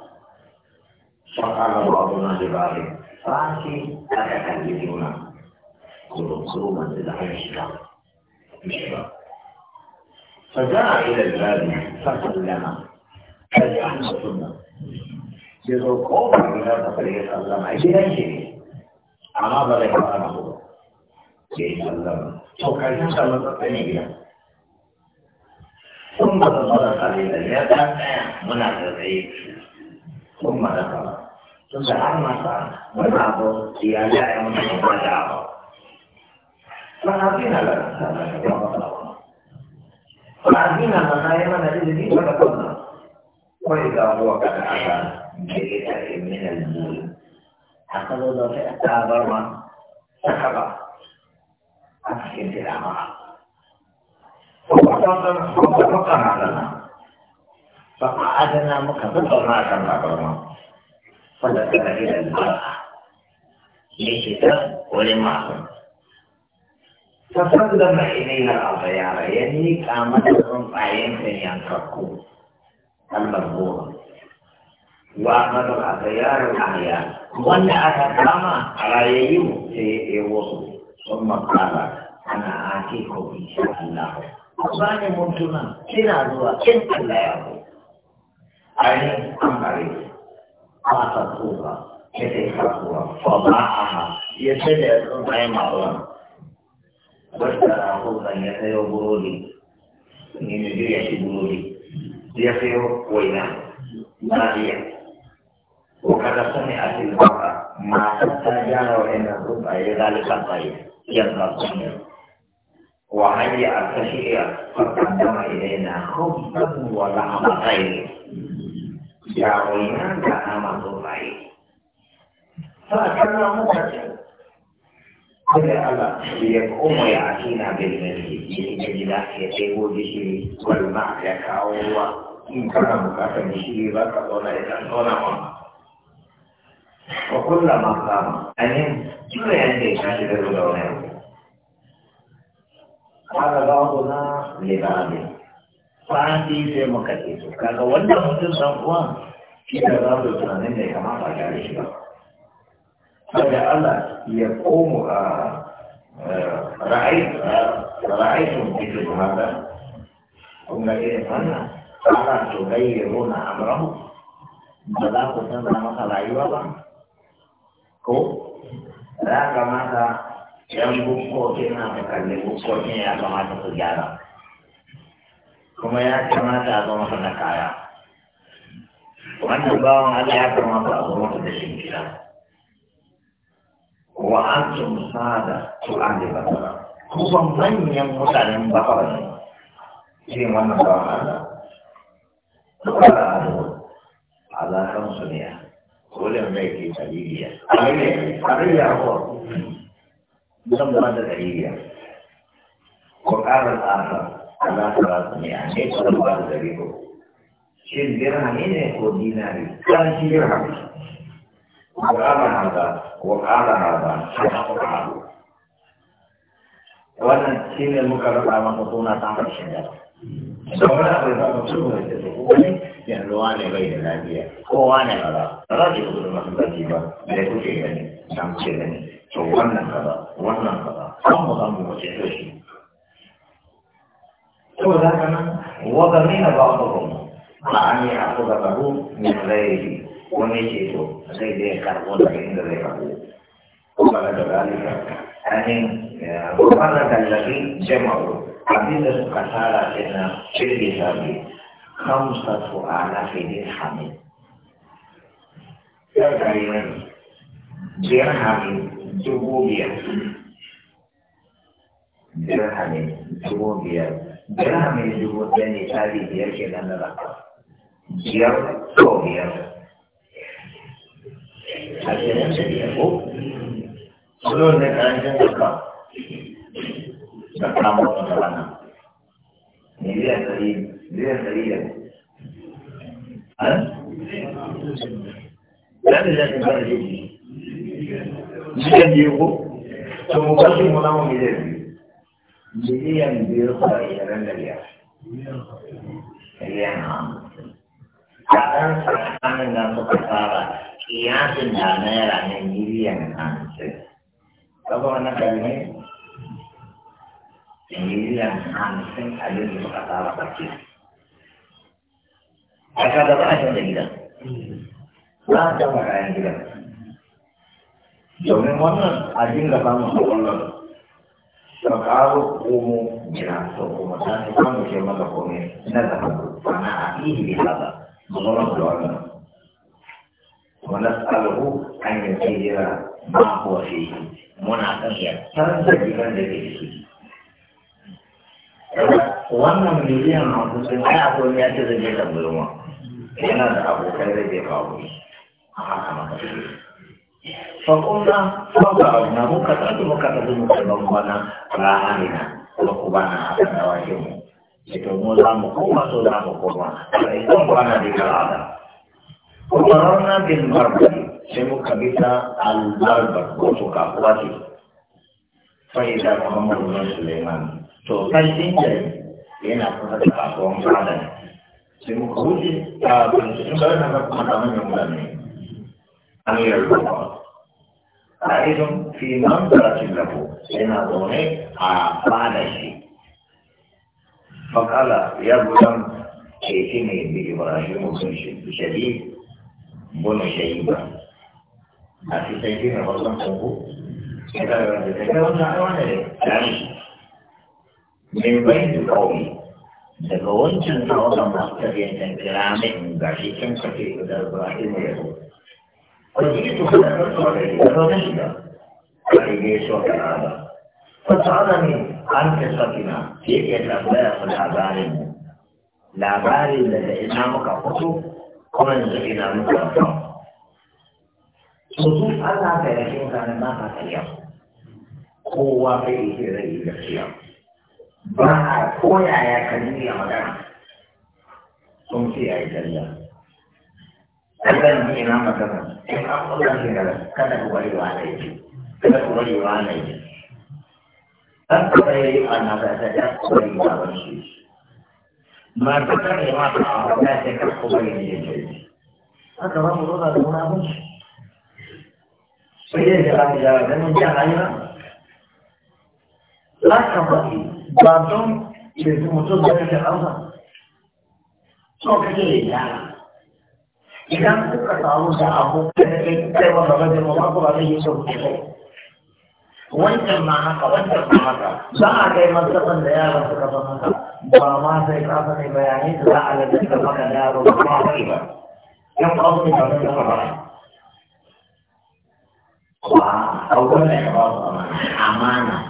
فقال بعضنا لبعض فأنتي أتكلمون ادخلوا منزل إلى الشباب فجاء إلى الباب فسلم فجاء السنة sai zo kofar gidan ka sai ya sallama gidan shi ne amma ba zai fara ba sai ya sallama to karshen sallama sai ne gidan ثم تطلع قليلا يدا منافق ثم دخل فسأل ما صار والبعض يدعي من يدعه فأعطينا لنا فأعطينا مصائبنا التي تجد فقدنا وإذا هو قد أتانا بريئة من البول أخذوا ضفاء تعبر سحبة أفكر في العمارة فقعدنا لنا فقعدنا مكتبا كما عبرنا فذكر إلى المرأة لكتاب ولمعهم فقدم إليها الأطيار يعني كامتهم عين في ينفقون المربوطة wa madar a tsayarar ahaya wanda aka kama a rayayyu sai ya ɗewo su sun makara ana ake kofi insha Allah ba ne mutuna kina zuwa kin Allah ya ko A an bare ba ta tsoka ke ta yi kuwa fa ba a aha ya sai da sun sai mawa wanda ko ban ya sayo burodi ni ne ya shi burodi ya sayo waina na iya kada kami ati baka masa jaro ena rupa ya dalik sampai yang langsung wahai asasiya pertama ena hukum wala amatai jaro ena ga amat rupai sakana mukati Kaya Allah, dia umur yang akhina bin Nabi. Jadi, dia tidak ketemu di sini. Walmah, ya kau Allah. Ini kata muka, dan di sini, bakal orang yang tak wa kulla makama anin jure yanda ya tashi da ruwa wani abu kaga ba ku na libani fadi sai muka ce su kaga wanda mutum san uwan shi da za su tunanin da ya kamata a gare shi ba saboda Allah ya komo a ra'aitun bikin hada kuma irin wannan ana tugayyaruna amrahu ba za ku canza masa rayuwa ba ko za ka mata yan bukkoki na makalli bukkokin ya kamata su gyara kuma ya kamata a zama na kaya wannan bawan Allah ya kamata a zama da shi gida wa an tun sada su an ba basara kusan manyan mutanen bakar ne shi wannan bawan Allah Duk da a zo, a zakan su ne kolin zai ke daliliya abin ya ko zan ba da daliliya ko ƙarar ala salatu ne a ne ko ba da dalilo shin dirhami ne ko dinari kan shi dirhami ko ƙarar haza ko ƙarar haza haka wannan shi muka rasa masa suna ta harshen dara saura da za mu tuba da wani yanzu wane bai da lafiya ko wane kaza ba za ki gudu masallaci ba da kuke gani dan kuke gani to wannan kaza wannan kaza an mu zamu wace da shi to da kana wa ga mina ba ko Ba an yi aku da babu min rai wani ce to sai dai karbo da inda zai karbo kuma da dalilin ainihin wa kana da lafi jama'u حميدة قتالة إن شدي سبي خمسة فؤالة في دي حميد تقريبا دير حميد تبوبيا دير حميد تبوبيا دير حميد تبوبيا نتالي يعني دير كنا نرقى دير تبوبيا حتى نمسك يقوم سنون نتعلم نرقى da kama su da wannan miliyan ɗari miliyan ɗari da Lati eh? zai kuma da jiki. Miliyan biyu ko? To mu kasu mu namu miliyan biyu. Miliyan biyu ko da ishirin da biyar. Miliyan hamsin. Kaɗan tsakanin da suka fara kiyasin da naira ne miliyan hamsin. Kaga wannan kalmi miliyan hamsin abin da suka tsara barci a kaga ba a shan da gidan ba a gama kayan gidan domin wannan a dinga samun a wannan sau karo komo gida sau kuma ta su kwanu ce maka kome na zama kwana a ihi bi haza zuwa da wannan wanda tsaruhu an yi tsira ba da ke ciki wannan miliyan hamsin ai akwai ya ce zai da bulma yana da abokai zai je kawo a haka maka فقلنا فضعنا مكتبة مكتبة مكتبة مكتبة راهنا وقبانا حسن واجمه itu mula mukuma sudah mukuma. Itu bukan di kalada. Corona bin barbari. Semua kabita al barbar. Kusuka kuati. Faidah Muhammad bin Sulaiman. to sarkin gari yana kusa da kasuwan fada ne sai muka wuce a binciken gari na kuma da manyan mutane an yi yarda a irin fiman karatun lafo yana zaune a fada shi fakala ya gudan keke ne da ibrahim mutum shari bunu shayi ba a cikin gina wasan kungu ya ta kai wata aiwa ne da من بين قومي daga wancan tawagan masu tafiya da kira min ga shi can kake da Ibrahim ya zo. Kwaji ito da sauran da sauran shi da kai ne so ka ba. Fasara ne an ka sakina sai ke tambaya su labarin mu. Labarin daga ina muka fito kuma yanzu ina muka fito. Sosu Allah ka yakin ka na ka kariya. Kowa kai ke rai gaskiya. ba a koya ya kalli ya magana sun ce ya yi kariya kallan ji ina magana in an kullum shi kada kada ku bari wa ala yi kada ku bari wa ala yi an kuka yi a na ga ta da ku bari wa ala yi ma ta ta ne ma ta a ya ce kada ku bari ne yi haka ba mu zo da wani abin shi sai dai da ba mu da ganin jan hanyar la ka bari ba don ke mutum da kake amsa so kake yi gyara idan kuka samu da abu kai kai wanda ba zai ba ku ba zai yi sau kai wancan ma haka wancan ma haka za a kai martaban da yaran suka ba haka ba ma sai ka sani bayanai da za a lalata maka yaro ba ma kai ba yan kawo ne ba zai ba ba wa a wannan ya ba su amana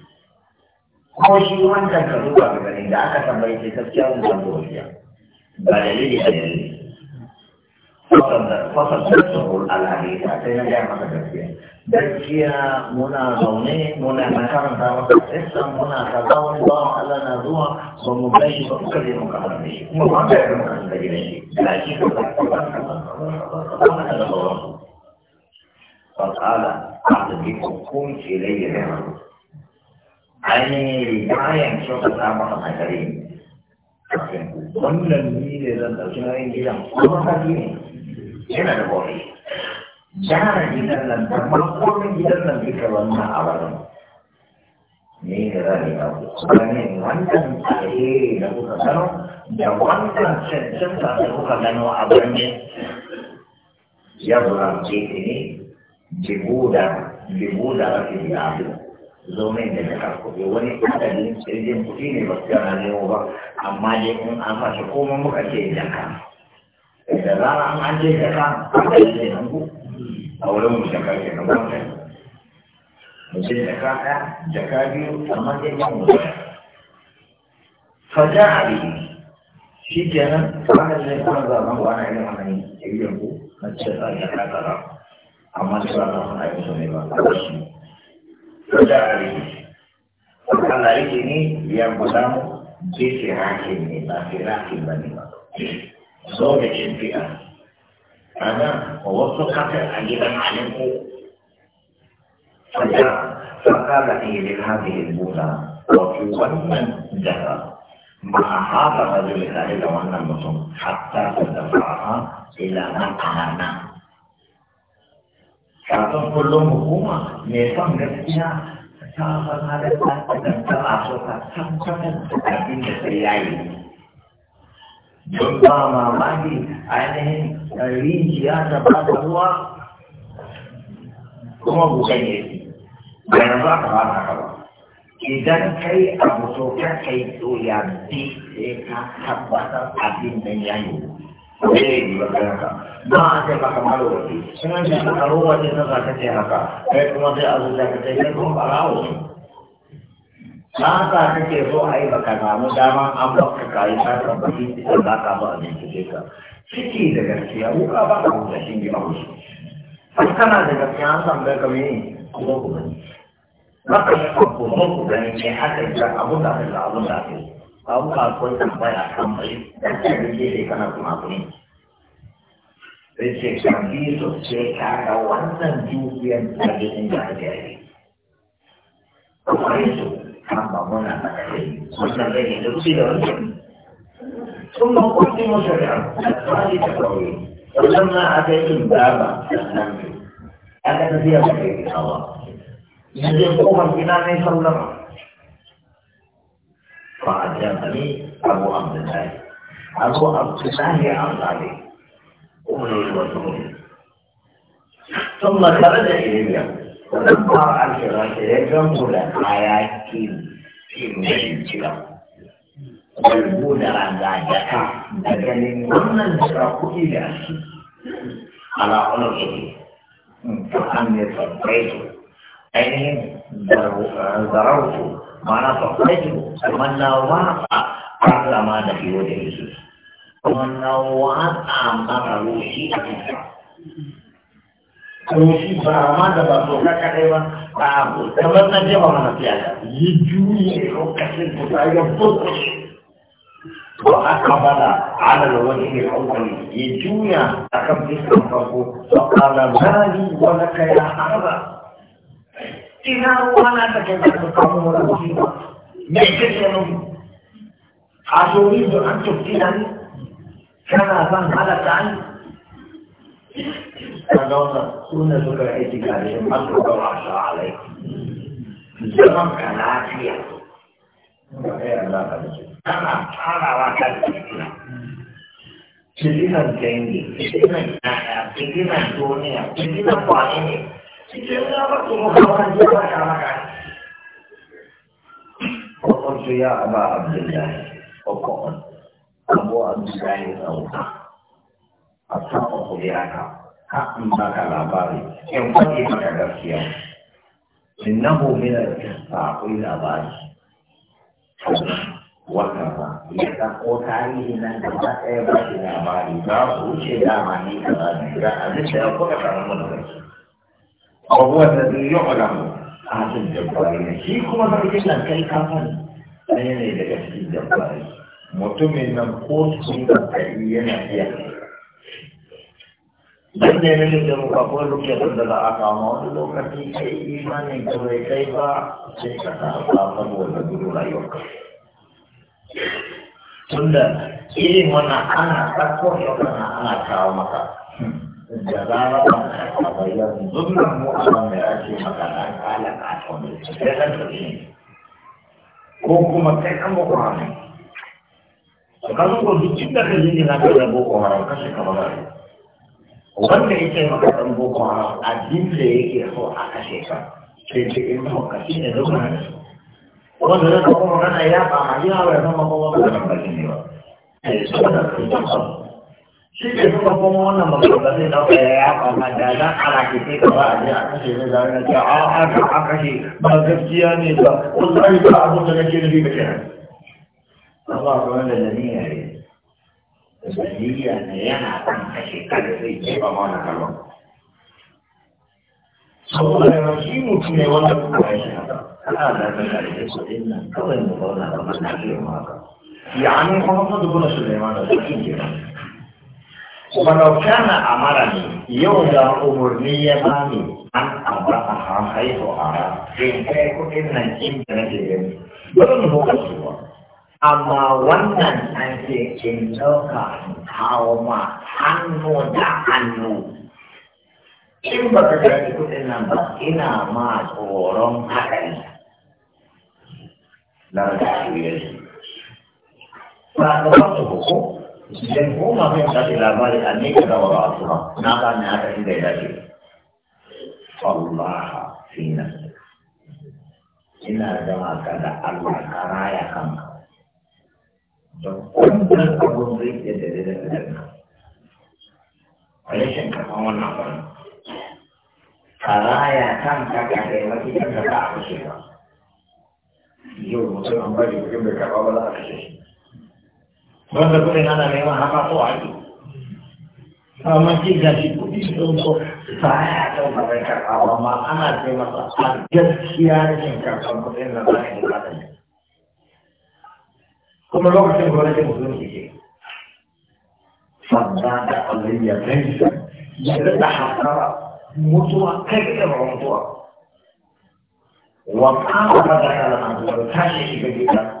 ko shi wancan ka zuwa ga gani da aka tambaye shi gaskiya mun san gaskiya ba dalili da dalili fasaddaqtu al-hadith sai na ga maka gaskiya gaskiya muna zaune muna makaranta maka sai muna kaza wani bawan Allah na zuwa ba mu bai shi ba kuka je muka harbe shi kuma ba ka yi muka harbe shi da shi ka ba ka ba ka ba ka ba ka ba ka ainihin rigayen sun sa masa na gare ni wannan ni ne zan ɗauki nauyin gidan kuma kaji ne yana da bori gyara gidan nan da makonin gidan nan duka wannan a barin ni ne zan yi abu ne? wannan alheri da kuka gano da wannan cancanta da kuka gano a birnin ya zura ce ne jibuda jibuda rafi da abu zo mai da jaka kuɗi wani adadin sirrin kuɗi ne ba su yana nemo ba amma dai in an fashe koma muka ce ka da rana an an je jaka an ka yi nan ku a wurin mu shakar ke nan kwanta da ka ɗaya da ka biyu amma dai ba mu zai fajar abi shi ke kenan kwanan ne kuma zaɓen kwanan irin wannan irin ku na ce za a jaka kaza amma sai ba ta suna yi su ne ba a wasu Allah ini yang pertama sisi hakim ini, tapi hakim bani Zone impian. Karena waktu kafir ajaran alimku. Saja fakala ini hadhihi al-bula wa fi wannan jahra. Maha hadha rajul hadhihi lawanan musum hatta tadafaha ila man kafin kullum hukuma mai son gaskiya ta san halin tsakanin ta a so ka abin da sai yayi don ba mamaki ainihin rijiya da ba da ruwa kuma bukan yake bayan ba ka fara idan kai abu so ka kai doya bi sai ka tabbatar abin da yayi ne ba haka ba a ce na zaka a ka kake so a yi baka samu dama an baka kayi ta tabbaci da za ka ba a bincike ka ciki da gaskiya wuka ba ka wuka shi ne a wuce an kana da gaskiya an san bai kame kuma ku gani baka shi ku kuma ku gani ne haka ya abun da aka yi abun da aka yi an ba kun tambaya kan bai da ke kana kuma kuma sai ce ka bi su ka ga wannan dukiyar da ke inda ake yi kuma su kan ba muna ba da yi wannan zai ne da kuɗi da wani sun ba kuɗi musu da tsari ta kawai wannan na aka yi tun dama sannan aka tafiya fàájàmì àwọn àbùdáì àwọn àbùdáì àbàlẹ òun lọ sọrọ tọmọtara dẹ ìrìnà wọn kọ àṣìlọ ìṣẹlẹ gbọmọlẹ àyà da kìm lẹyìn tìlọ wọn bú dara gàjà ká gàjà ní gbọmọlẹ nìkan kó ìlẹ àti ala ọlọsọ yìí nǹkan ànyẹfọ bẹẹ yìí ẹni. zarautu ma'ana faɗaitu kuma na watsa ƙarama da biyo da yake kuma na watsa mara roshi a cikin roshi ba ma da ba so ka kaɗai ba ba kamar na jefa mana fiya yi a lokacin da ta yi bukushi وأقبل على a الأول يجويا أكم تسكن فقال ما wani ولك a هذا ina kwana da kai da kawo wani musiba me kake nufi a sori da an tafi nan kana ban halaka ni kaga wannan suna suka aiki gare masu ga wasa alai zaman ka lafiya kana tarawa kan fitina fitinan dangi fitinan yaya fitinan duniya fitinan kwane Ọkọ̀ tó yá bá Abdullahi ọkọ̀ abọ́ Abdullahi ọ̀hún. Àtà ọkọ̀ yá ká ká mbà kàlàbà rẹ̀ kí n kọ́ yé kàkà kà sí àwọn. Ìnáwó mìíràn ti fà ó yí làbá yìí. Wàkà bá yàtà kọ́ káyé yìí náà nígbà ẹ bá ti làbá yìí. Báwo ṣe dá àmà ní ìlànà ìlànà àti ìṣẹ̀lẹ̀ ọkọ̀ kàkà lọ́mọdé rẹ̀. وهو الذي يعلم da الجبارين شيء كما ذلك لن كي كافن أين إذا كشف الجبارين متمنى نقول كنا كأيين أحيانا dan ne ne da mu ka kuma lokacin da za a samu wani lokaci sai imanin ka bai kai ba sai ka samu saboda gudu rayuwarka tunda irin wannan ana tsakon yau ana kawo maka da ba a bayyana zuwan mu a mai ake magana kalan a kawai da kan tafi ko kuma kai kan boko da kan ko duk inda ka yi na kai da ko haram kashe ka ba wanda yake maka dan boko haram abin da yake so a kashe ka sai ce in ba ka shi ne zuwa wanda zai kuma magana ya ba ya ba ya zama kowa ba da ba ne ba sai su da kai shi ne suka kuma wannan maganganun da ya yi haka ma da za a rakice ka ba a je a kashe zai zai na ce a a a kashe ba gaskiya ne ba wallahi ba abin da nake nufi da ke nan amma ga wanda da niyya ne da niyya ne yana kan kashe kada zai ce ba ma na kalma saboda shi mutum ne wanda kuma ya a haka ana da ta kare kuɗin nan kawai mu zauna kamar na ke maka ya amin kuma kuma duk wani sulaiman da su shi ke nan Mafarauta amara ne, yau na umarni ya bani an amara a an haihu a ran, kai kudin nan in da nake gani, wani ne kuka su ba. Amma wannan an ce in ɗauka hawa ma hannu da hannu. In ba ka gani kudin nan ba, ina ma tsoron hakan. Lalata su yanzu. Ba ka ba su hukumu. idan ko ma zai tafi labari a ne ka zama rasuwa na ba ni aka inda ya dace Allah fi nafsi ina zama ka da Allah ka raya kanka don kullum abun zai iya da da da da a rashin kafan wannan farin ka raya kanka ka taimaki kanka ka a kashe ba yau mutum an bari mutum bai karɓa ba za a kashe shi wanda kudin ana neman haka ko haɗi amma shi ga shi kudi sun so ba ya ɗaukar bai karɓa ma ana ce masa a gaskiya rashin karɓar kudin da za ka yi bukatar kuma lokacin gwamnatin musulunci ce sanda da aliyya zai ya rika hasara mutuwa kai da mutuwa wa ƙara da kalan ta shi shiga gida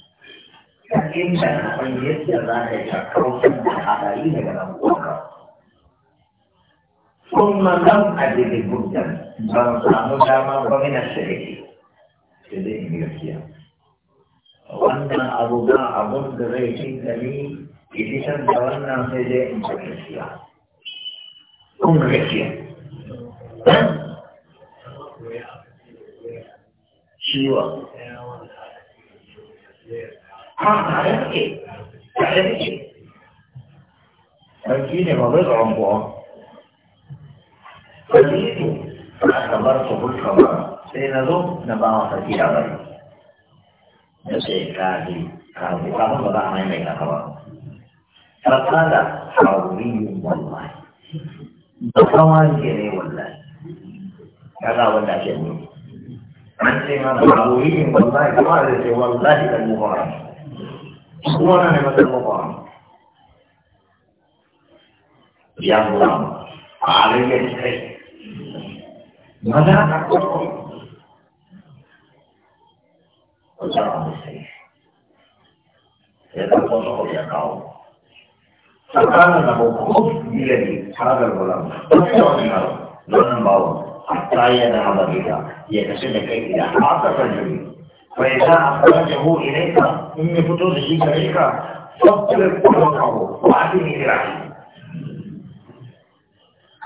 kakin da akwai yadda za ka yi kautar da daga nan kuwa kuma nan a jirgin gudun ban samu dama ba mina shirki da zai yi gaskiya wannan abu ba abun da zai ci da ni fitar da wannan sai dai in ci gaskiya kuma gaskiya ciwon ha ba ne ba ne ba ne ba ne ba ne ba ne ba ne ba ne ba ne ba ne ba ba ne ba ne ba ba ne ba ne ba ne ba ne ba ne ba ba ne ba ne ba ba فقال حوري والله بقوان جري والله هذا هو الأجل من سيما حوري والله قال والله المبارك Semua orang yang masuk orang. Yang orang. Paling yang Mana aku? Jangan saya. Saya tak tahu kalau dia tahu. Sekarang aku kok bila di sadar bolam. Tapi orang lain bawa. Ataya nama kita. Ia kesini kita. Apa kerja فإذا أخرجه إليك إن فتوز إليك فاطلب عنقه وأعطني برحمه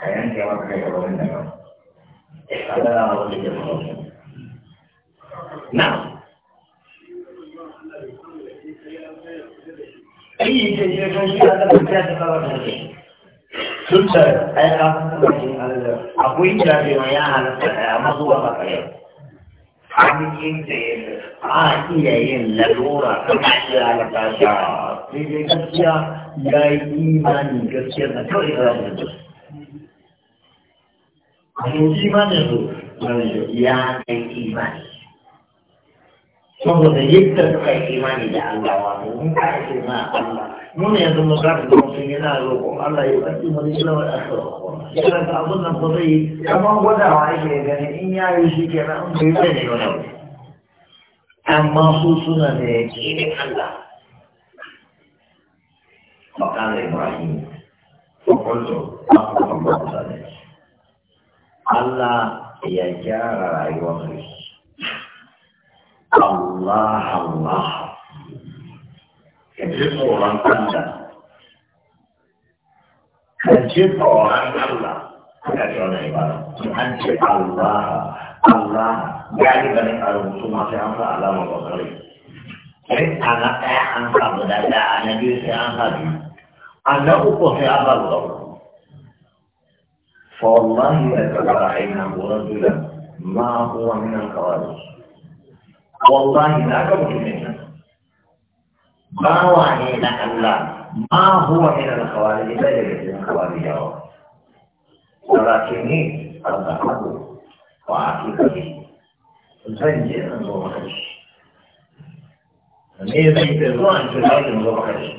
كيان كما تخيل منك هذا هو الذي نعم أي شيء يجوز هذا الكتاب فقط sun da aika akwai jami'a ya halatta a mazuwa ba kare ainihin da ya a iya yin lalura ta gaskiya na tasha sai dai gaskiya ya yi imanin gaskiya na kawai da zai da a yanzu imanin su ya kai imani saboda yadda zai yi da Allah wato mun ka yi ma Allah nuna yanzu mun gasa da mutum yana roƙon Allah ya tsaki mu da wani asara yana ga abun nan ko zai kaman gwadawa yake gani in ya yi shi kenan a bai zai yi wani amma su suna da yaƙinin Allah فقال إبراهيم فقلت أخبر الله ذلك الله يجار رأي وخير الله الله ji tsoron Allah ka ji tsoron Allah ka ji wani ibada an ce Allah Allah a rubutu masu an sa alama bakare sai a na ɗaya an sa guda ɗaya a na biyu sai an sa biyu a na uku sai an sa guda uku فوالله لقد رأيناه رجلا ما هو من الخوارج والله لا ne منه bawa ne na Allah ma huwa min al-khawarij bai da cikin khawarij walakin ni al-zahabu wa ke aqiqati zan je in zo maka shi ne zai ce zo an ce zai zo maka shi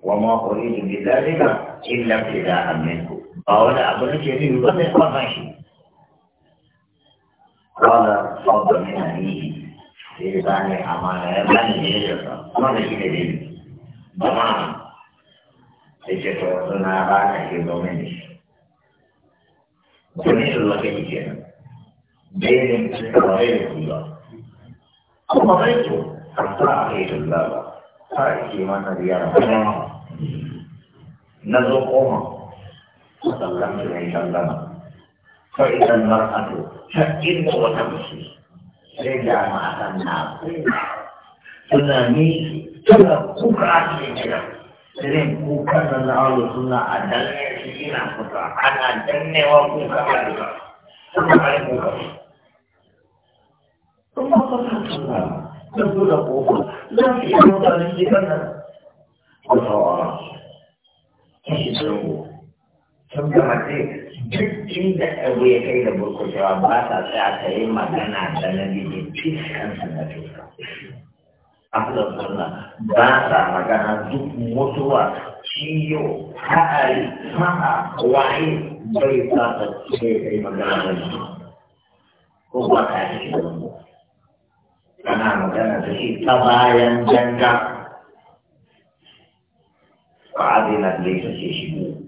wa ma uridu bi dhalika illa ibtida'an minhu ba wani abu ne nake nufi ba sai kwanan shi قال فضل من أبيه ya bani amana ya bani biyayyarsa wannan shi ne dalili ba ma sai ce to suna bana ke zaune da shi domin su zaka yi kenan bayanin su kawai da su ba amma bai to an mana na zo koma sallan da ya yi sallama mar'atu sha'in da wata musu sai a matan na tunani suna kuka ne jira kuka na na'alu suna a danne shi ina kuka ana dannewa kuka a duka suna kare kuka kuka suna da su da kuka za su yi mutanen gidan nan kusawa. Sun gama ce duk inda abu ya kai da burkushewa ba ta tsaya ta yi magana da namiji fiskansa na fiska ahlul sunna ba sa magana duk mutuwa ciyo ha'ari sa'a waye bai sa ta ce kai magana da shi ko ba ta yi shi kana magana da shi ta bayan janga ba a zina da shi shigo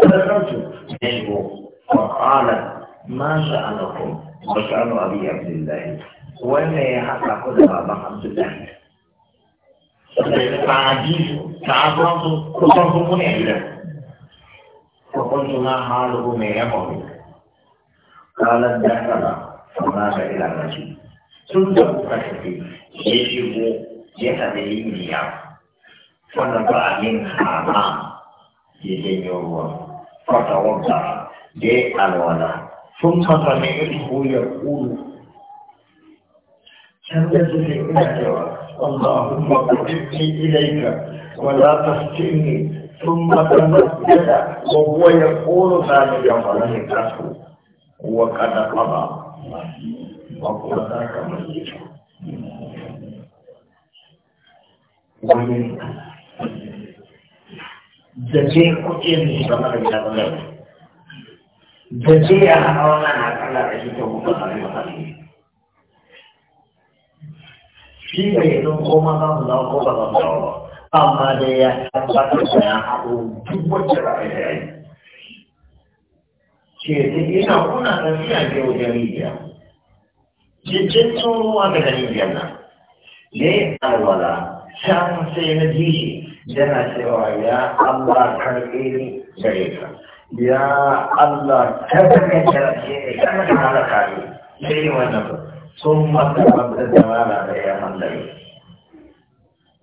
فدخلت يجب فقال ما شأنكم وشأن أبي عبد الله وما يحقق بابا عبد الله فعجيز تعبرت كفرت من إلى فقلت ما حاله ما يفعل قالت دخل فمات إلى الرجل ثم فكتي يجب يتدين فنبع منها ما يجب يروى protagonista de Alona. Son patrones muy oscuros. Se han desesperado. Allahumma qadirni ilayka. Wa la tasinni. Thumma tanasbeta. Wa huwa yakulu zani yamalani kasu. Wa kada kada. Wa kula zaka masjidu. Wa yin kasu. da je kuɗi ne ba mara gida ba da je ya haɗa wannan akalla da shi ta hukun a rikin shi bai zan koma ba mu zama ko ba ba ba amma da ya tabbatar da ya haɗo duk wacce ba a yi ce ta ina kuna da siya ke wajen rijiya jikin tsoron wa daga rijiyar nan ya yi alwala sai na ji shi جنا يا الله تركيني شريفا يا الله تركني شريفا ثم تقبل الزمان يا الله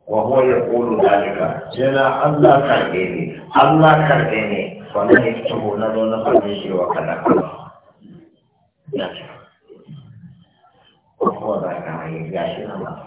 وهو يقول ذلك جنا الله تركيني الله تركيني فمن يكتبون دون فرمشي وكذا نعم. وهو ذلك عيب يا شيخ الله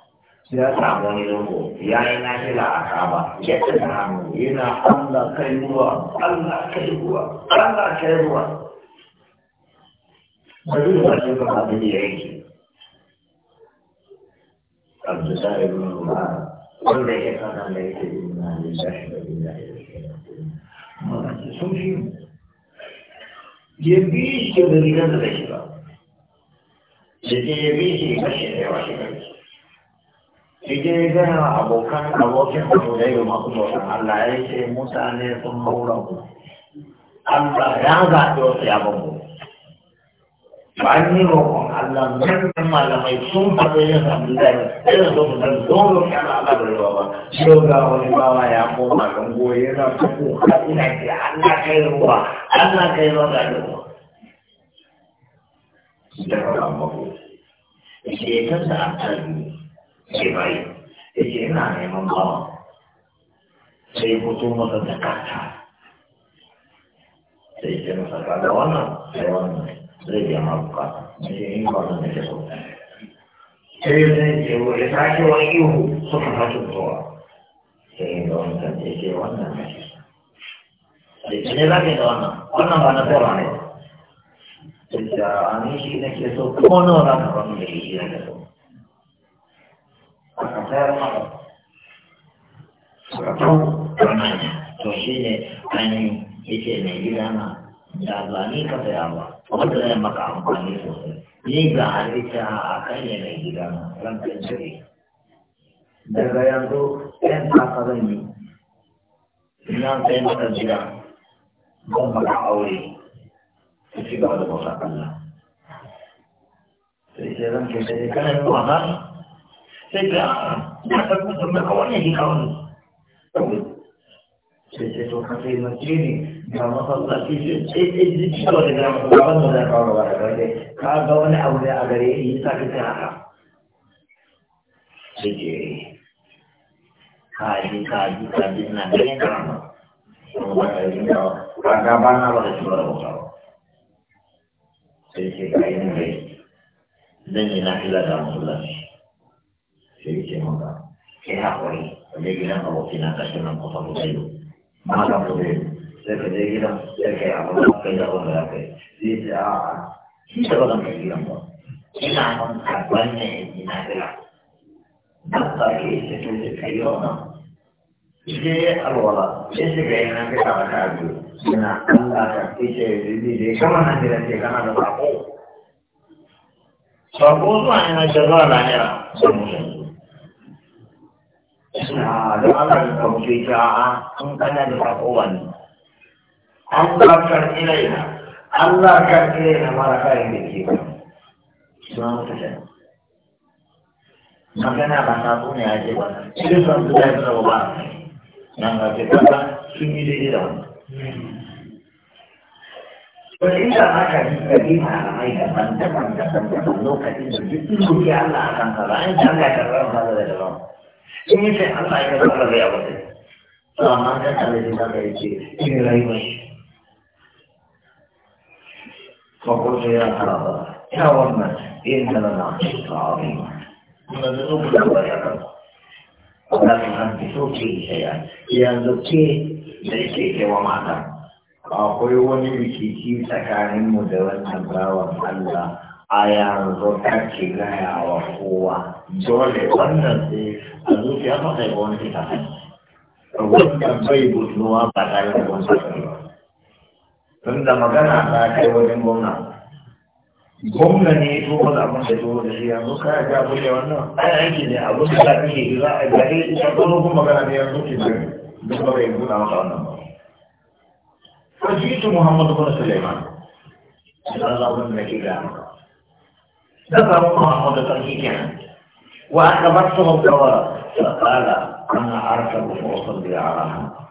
ya samu wani ya yi nashila a kaba ya na yana allah kai ruwa allah kai ruwa allah kai ruwa wani wani ga abin ya yake abdullahi ibn umar wanda ya kana da yake inna lillahi wa inna ilaihi raji'un sun shi ya biyu. shi da gidan da shi ba ya ya bi shi kashe da yawa shi idan ya gana abokan abokin abokai da masu bautan Allah ya ce mutane sun haura ku Allah ya zaɓi wasu ya bango bayan yi roƙon Allah manyan malamai sun faɗo yin samun zai irin su mutan dole kan Allah bai ruwa ba yau ga wani bawa ya koma don gango yana fito ka ina ce Allah kai ruwa Allah kai ruwa ga ruwa da ruwa mako. Ike ta sa a tarihi ce bai ya ce ina neman bawa sai fito masa da kata sai ce masa kaga wannan sai wannan zai biya ma bukata na ce in da ke sauta sai zai ce ya sake wani ihu suka fata zuwa sai ga wancan ya ce wannan na sai ce ne za da wannan wannan ba na tsara ne sai ce a ni shi nake so ko nawa za ka kwanu da shi nake so sayar maka sakon wannan to shi ne ainihin yake mai gida na da ba ka saya ba wanda zai maka amfani sosai ni ga halitta a kan ne mai gida na rantar jiri daga yanzu yan kasa zan yi na sai maka gida zan maka aure su ci gaba da bauta Allah sai sai zan ke sai kanan wasa sai ga ya ta kusa mai kawai ne wani. sai sai to ka sai mace ne ga masallaci sai sai sai jiki ba da gama ba ban da kawo ba da kai ka ga wani abu da a gare yi sa ka ta haka sai ke kaji kaji kaji na gare ka ba ga ba na ba da shi da sai sai ka yi ne zan yi na fila da masallaci sai ce maka sai haƙuri wanda gidan abokina ta shi nan kusa kusa yau ma ka kusa yau sai ka je gidan sai ka yi abin da kai da abin da za ka yi sai ce a shi da ba zan kai gidan ba ina nan karɓar ne ina bila dan ta ke ce to ce ka yi wannan sai alwala sai kai don Allah ya kauce ja'a in kana da takowa ne Allah kan ilaina Allah kan ilaina mara kayan da ke magana ba na tsone ya ce ba cikin san zuwa ya ba nan ga ce kaba sun yi daidai da wani Wani inda aka yi gari a ramai a ban daban daban daban lokacin da duk duk ya Allah a kan kaza an ta ga ba da in yi sai Allah ya zama zai abu ne to amma dan ya zama ya ce ya fara ba ya wannan in da na ta aure kuma Allah ya san ki so ki ya yanzu ke da yake ke akwai wani rikici tsakaninmu da wannan Allah a yanzu kake gaya wa kowa dole wannan sai a zuciya ba kai wani fita wanda bai butuwa ba tare da wani fita tun da magana ta kai wajen gwamna gwamna ne su wani abin da zuwa da shi yanzu ka ga abu da wannan ai aiki ne abu da ta kake za a ga ai ita kuma magana ne yanzu ke da duk ba bai buɗa maka wannan ba. Fajitu Muhammadu bin Sulaiman. Sai Allah wanda ke gaya maka. ذكروا محمود تركيكا وأخبرتهم الدوار فقال أنا أركب فوق بأعراها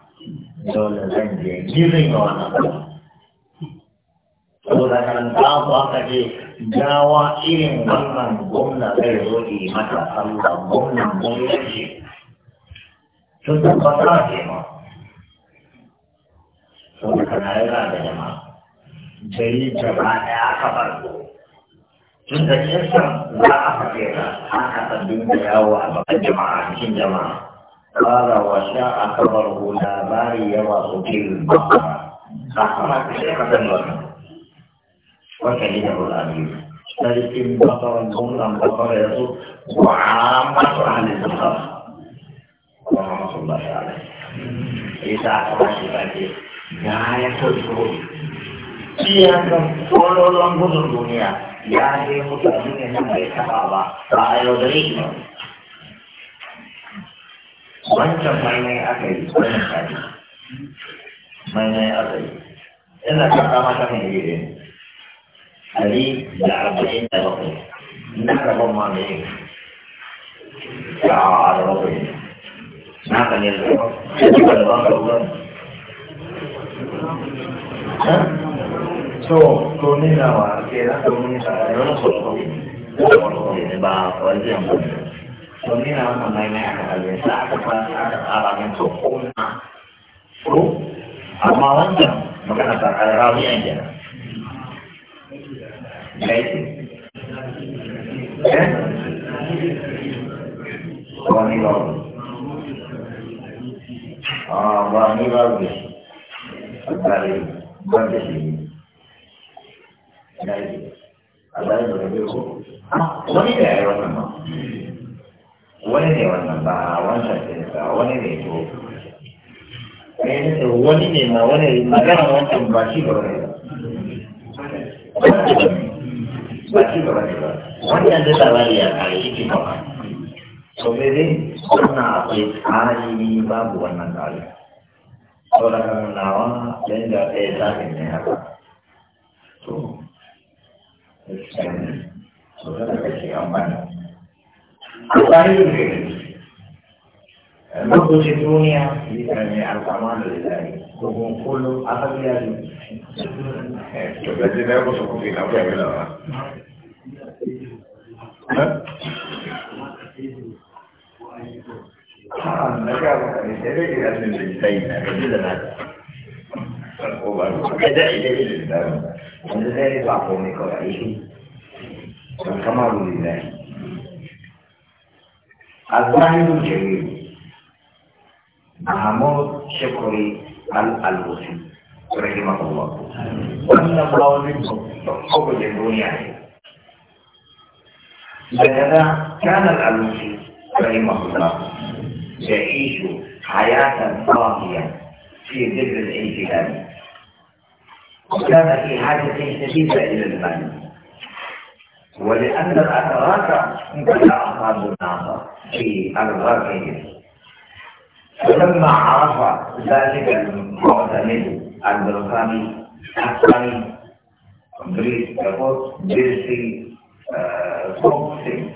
دولة زنجي جيرين وأنا saboda nan ta zo aka ce gawa irin wannan gwamna zai zo yi mata sallah gwamnan gwamnati sun tabbata ce ma saboda kana yana da jama'a bai gaba tun da kisan za a faɗe ta haka ta dinga yawo a bakan jama'a cikin jama'a ƙara wa sha a kabar hula bari yawa su ke bakara a kama ka shi ka san wannan wata ne da hula biyu sarkin bakaran gwamnan bakara ya zo wa masu halin da sa wa masu ba shi ala isa aka kuma shi ba ke ya ya so shi ko shi ya kan tsoron gudun duniya ya je mutu a duniya nan bai taɓa ba ba a yaudare shi wancan maimai aka yi wannan kaji maimai aka yi ina kan kama ta mai yi ɗari da arba'in da bakwai na gaban ma mai yi ya a da bakwai na kan yi da bakwai ya ci gaba da bakwai tó tó nínú àwọn àti láti omi ìsàlẹ̀ lọ́sọ̀tọ̀ lọ́sọ̀tọ̀ lè bá ọjọ́ ìmọ̀lẹ̀ tó nínú àwọn ọmọ ilé àkàlẹ̀ sáàkùpá àbámi tó kó magana ta rawi yan jana ya ba e eh? ah ba ne ba ina yi a wani da ya yi wannan wani ne wannan ba ne ɗinsa wani ne to wani ne ma eh, wani magana wancan ba shi ba wani ba shi ba wani ba wannan da labari ya kare shi ba to sai dai wannan akwai tsari babu wannan tsari saboda kan nawa yanda ɗaya tsarin ne haka to Lokacin duniya bisa ne alkama da lisani, domin kullum a hafiya ne. Gaji na kusa kufi na kuwa yana ba. Na ga wakani, sai dai ina sun da sai na gaji da na. Ko ba, ko da ina ina da na. ولذلك أعطوني كوعيه والكمال لله الزاهد الجليل محمود شكري الألوسي رحمه الله وأن الله منه حب الدنيا لهذا كان الألوسي رحمه الله يعيش حياة طاغية في ذل الانتهاك كان في حاجة شديدة إلى المال ولأن الأتراك انتهى أصحاب النار في ألغاقهم فلما عرف ذلك المعتمد البريطاني الثاني بريس كابوس بيرسي صوفي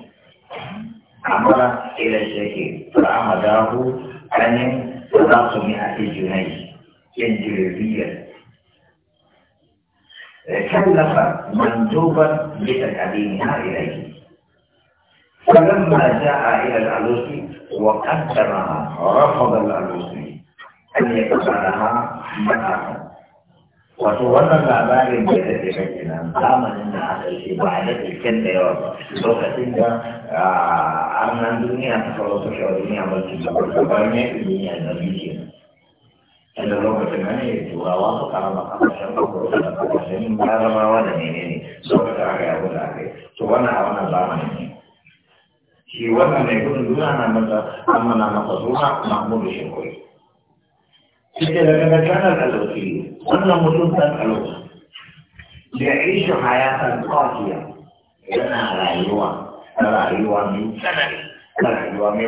عمر إلى الشيخ فأمداه أن 300 جنيه انجليزية كلف مندوبا لتقديمها إليه فلما جاء إلى العلوسي وقدرها رفض العلوسي أن يقبلها معه وتولى الأعمال بيئة بيتنا دعما إن في بعدك كنت يا رب لو كتنك أمنا الدنيا تفرطك ودنيا ملكي لك الدنيا inda lokacin nan ne turawa su kara maka kashin kakuru da kashin larabawa da ne ne so ka ya guda kai to wannan a wannan zamanin ne shi wannan mai gudun duna na masa an mana masa suna mahmudu shekuri shi ke daga na kanar alwaki wannan mutum san alwaki da ishi hayatan kafiya yana rayuwa rayuwa mai rayuwa mai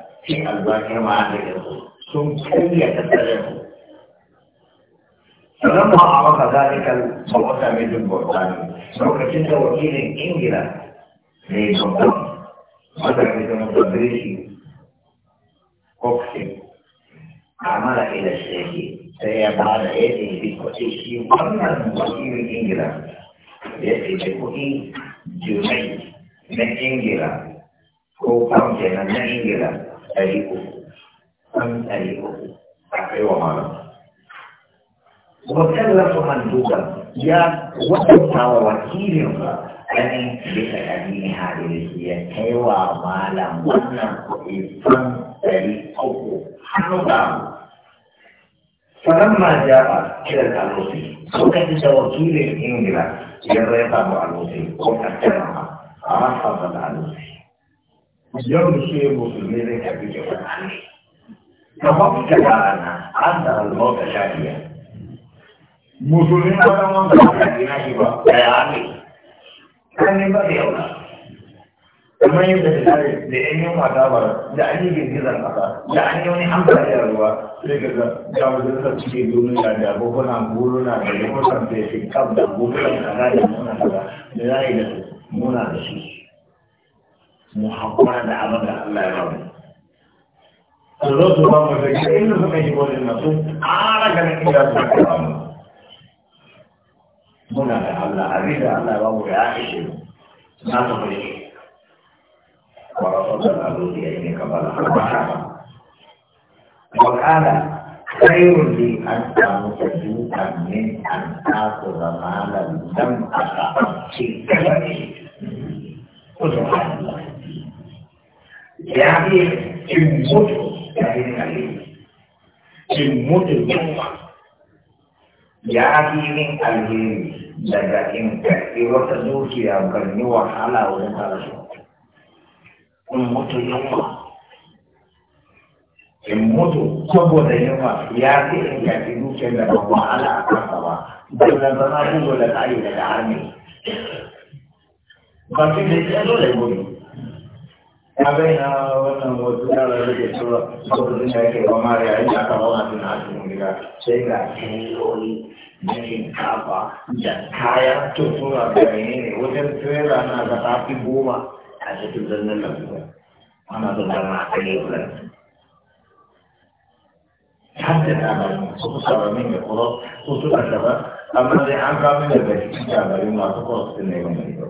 shi albashir ma da yanzu sun karya tattalin su sannan ma a maka zalikar mawata mai jin bautani lokacin da wakilin ingila mai bautani wanda mai zama bautani kofi amara ila shirki sai ya ba da yadda ya bi kwace shi wannan wakilin ingila ya ce kuɗi jimai na ingila ko kwan kenan na ingila ɗari uku ɗan ɗari uku a kai wa malam وكلف مندوبا يا وقتا وكيلا أن بتأدين هذه الهية كيوا مالا وانا إفن تريقه حنودا فلما جاء إلى الألوسي وكان وكيل الإنجلة يريد أبو الألوسي وكتبها رفض الألوسي yau shi musulmi zai tafi jiwa ta mafita da rana an da almauta shafiya musulmi na wani wanda ba ta gina shi ba da ya ne kan ne ba da yauna kamar yadda da tare da yan yin matabar da an yi girgizar kasa da an yi wani ambaliyar ruwa sai ka ga ga wajen sa cike domin da da bukuna guruna da yamusan da ya fi kaf da guruna da na da muna za a yi da muna da shi محمد عبد الله ربي الرسول الله صلى الله عليه وسلم يقول لنا صلى الله عليه وسلم منا على عزيز على ربو عائشة ما تقول شيء ورسول الله صلى الله عليه وسلم قبل أربع خير لي أن أمسجوك من أن تأخذ مالا لم أتأخذ في كلامي ya fi cin mutu ya fi alheri cin mutu yunwa ya fi yin alheri daga in karɓi wata dukiya garni wahala wurin karatu in mutu yunwa in mutu saboda yunwa ya fi in karɓi dukiyar da wahala a kasa ba daga zama bugu da tsari daga hannu ba su da ya zo da gudu ta bayyana wannan wasu yara da ke tura lokacin da yake ba da yayin da aka bauna suna asirin gida sai ga kiloli na shinkafa da kayan tutura da menene wajen tirela na ga tafi goma a cikin zannan lafiya ana da zama a kai yau حتى الأمل خصوصا من القرى خصوصا الشباب أما اللي عم بعمل بس كتابة يوم ما تقرأ في النيوم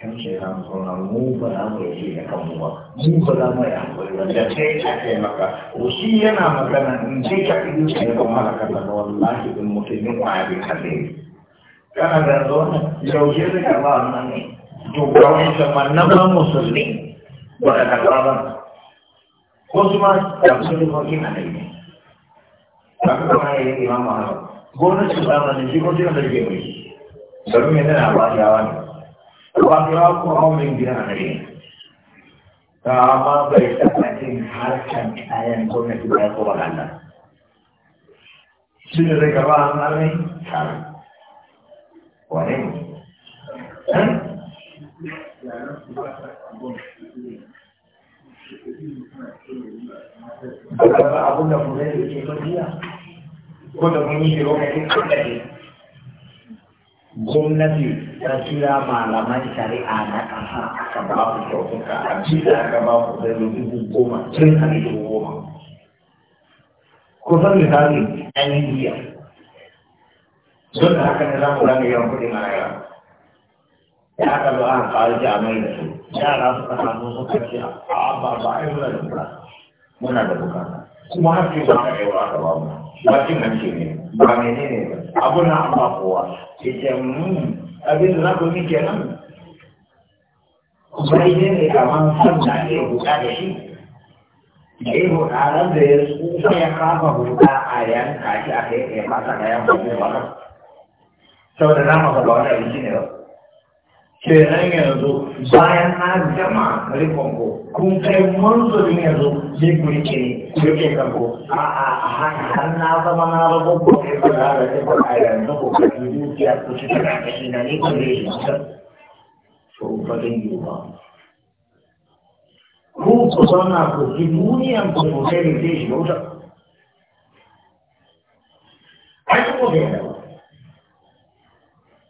kan ce za mu zauna mu ba za mu yi da kanmu ba mu ba za mu yi hankali ba da sai a ce maka ko shi yana magana in ce ka ido ka yi kuma haka da wallahi in mutumin kwari ka ne kana da zauna yaushe zai karba wannan ne to ga wani zaman na ba musulmi ba ka karba ba ko su ma da musulmi ko kina da ne ba ka kuma yi imamu haka gwamnati ba ma ne shi ko kina da ke mai domin yana ba shi hawa ne وأطلاقهم من دينارين فما بيتفتن حركا آية كنا في بيت وغانا سنة ذكرها أمامي حرم وهم Bukan abun da mulai da ke kodiya, ko da mun yi shi lokacin kodiya. gwamnati ta kira malaman shari'a na ƙasa ka ba su kyautuka a jiya aka ba su da dubu goma tun a dubu goma kusan misali an yi biya don da haka ne za mu gane yawan kuɗin a rayuwa ya aka zo aka kawo ji a mai da su yara suka samu suka ce a ba ba a yi muna da bukata muna da bukata kuma hafi ba a yawa aka ba ki bakin hanci ne ba mene ne ba abu na amma kowa ya ce hmm, abin da za Ba yi kenan ba ide ne kamar san da ke da shi da yi hudarar da ya tsufa ya kafa buka a yanka shi a kai ya fasa kayan hudu ba sau da nama ba wani abinci ne ba kenan yanzu bayan na gama rikon ko kun kai manzurin yanzu zai ku rike ne ku rike kanko a a har na zama na rabu ko ne ku da rike ko a yanzu ko ka yi dukiya ku ci tana kashi na ne ku rike So to yi ba ku ku zauna ku ji duniyan ku sosai da zai shi wuta ai ku ne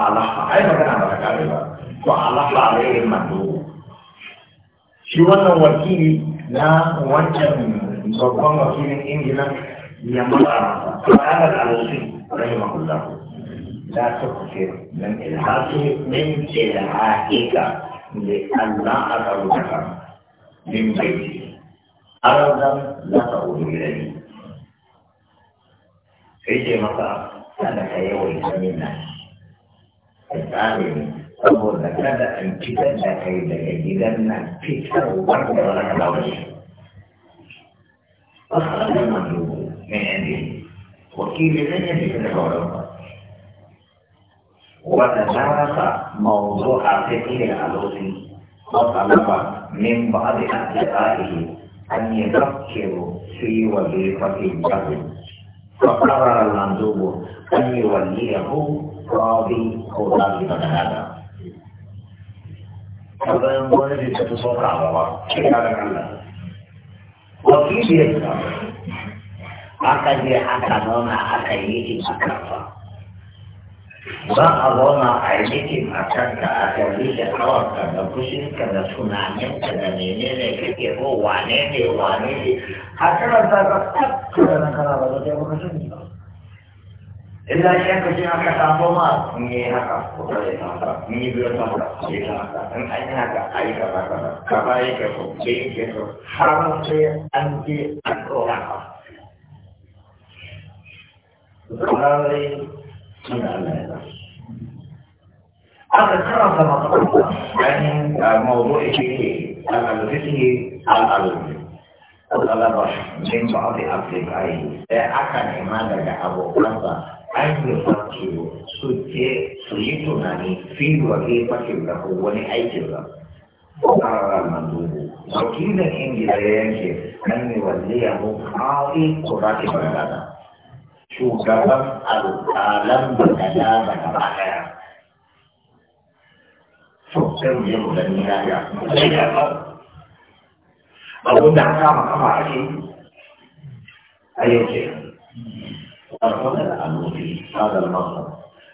alafa ai magana ba ta kare ba ko alafa alaihim mandu shi wannan wakili na wancan babban wakilin ingila ya mara ƙarar alusin rahimahullah لا تكفر من إلهاته من إلهائك لئلا أدعوك من بيتي أردا لا تعود إليه إيجي مطا أنا كيوي من الناس tsare saboda kada an fitar da kai daga gidan nan fitarwar da wani launi. Wasu mandu mai yanzu, wakili zai yi fitar da kauran ba. Wata tarasa mawuzo a fiye da alosi, matsalaba min ba da ake tsari an yi zafkero su yi wa zai fafi jahu. Fakarar landubu an yi wa liyahu راضي او راضي من هذا هذا ينبغي ان تتصور على الله هذا معنى وفي بيتنا أكدي حتى نونا أكيد مكافأة ba a zauna a yi cikin a kalli da kawarka da fushinka da tunaninka da mene ne kake ko wane ne wane ne a karanta ka tattara na kara ba da jama'a sani ba Ila shi aka ce aka samu ma sun ko ta yi samu ba, mun yi biyar samu ba, sai ta haka, in an yi haka a yi gaba gaba, ka ba yi gaba, ka yi gaba, har mu ce an je an tsoro haka. Zanarai suna nan da. Aka zama a kuma gani da mawazo a cike a lalzifiye a lalzifiye. Kusa labar jin ba a fi a fi kayi, sai nema daga abokansa aikin su su je su yi tunani fiwa ke fashin da wani aikin da ƙarara na dubu wakilin ingila ya yanke nan ne wanda ya mu kawai kurati bayanana shugaban alƙalan bayanana da ba ɗaya so sai mu je mu gani ya ya sai ya ba abin da aka kama ake a أخذ العنوسي هذا المنصب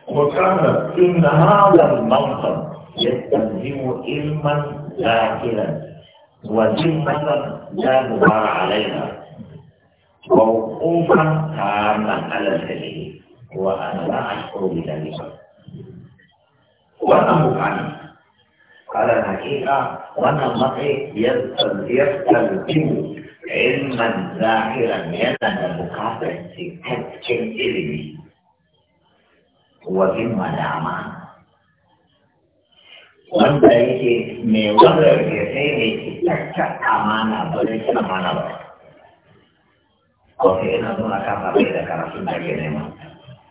وكانت إن هذا المنصب يستلزم علما ذاكرا وذمة لا غبار عليها ووقوفا تاما على الدليل وأنا لا أشعر بذلك وأنا مقعد على الحقيقة وأنا مقعد يستلزم ilman zahiran yana da bukatar cikakken ilimi wa madama wanda yake mai wanda ya sai ne cikakken amana ba zai ci amana ba kofi yana zuwa kafa bai da karatun da ke nema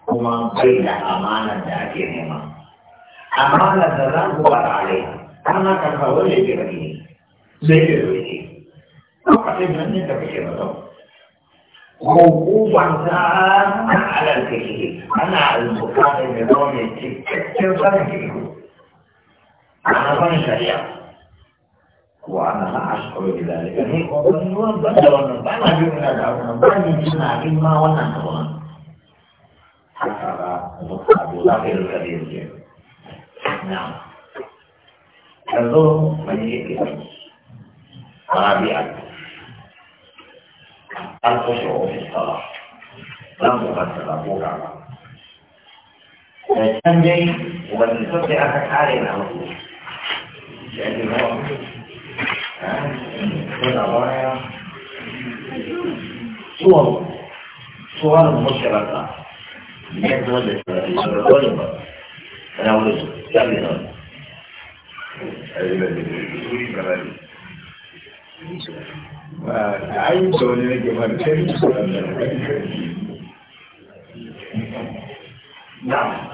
kuma bai da amana da ake nema amana da za ku ba da alai ana kan kawo ne jirgi sai ke zuwa lokacin nan ne da kake ba hukuman ta ana halar da ke ana albuka da zama mai cikakken sanin ke ana sanin shari'a ko ana na ashirin da zalika ne ko ban yi wani ban da wannan ba na jin ina da wannan ba ni suna jin ma wannan da wannan haka ba zuwa abu za ka yi da zai na yanzu mai yake rabi'a 咱不学，别说了。我们怎么不干了。在天津，我们说你安排起来了。哎，你给我，哎，我咋办呀？做做，我都不写了。你念什么？你念什么？大家我就家里头。哎，你别别别别别别 da ayi da wani rage mara sai na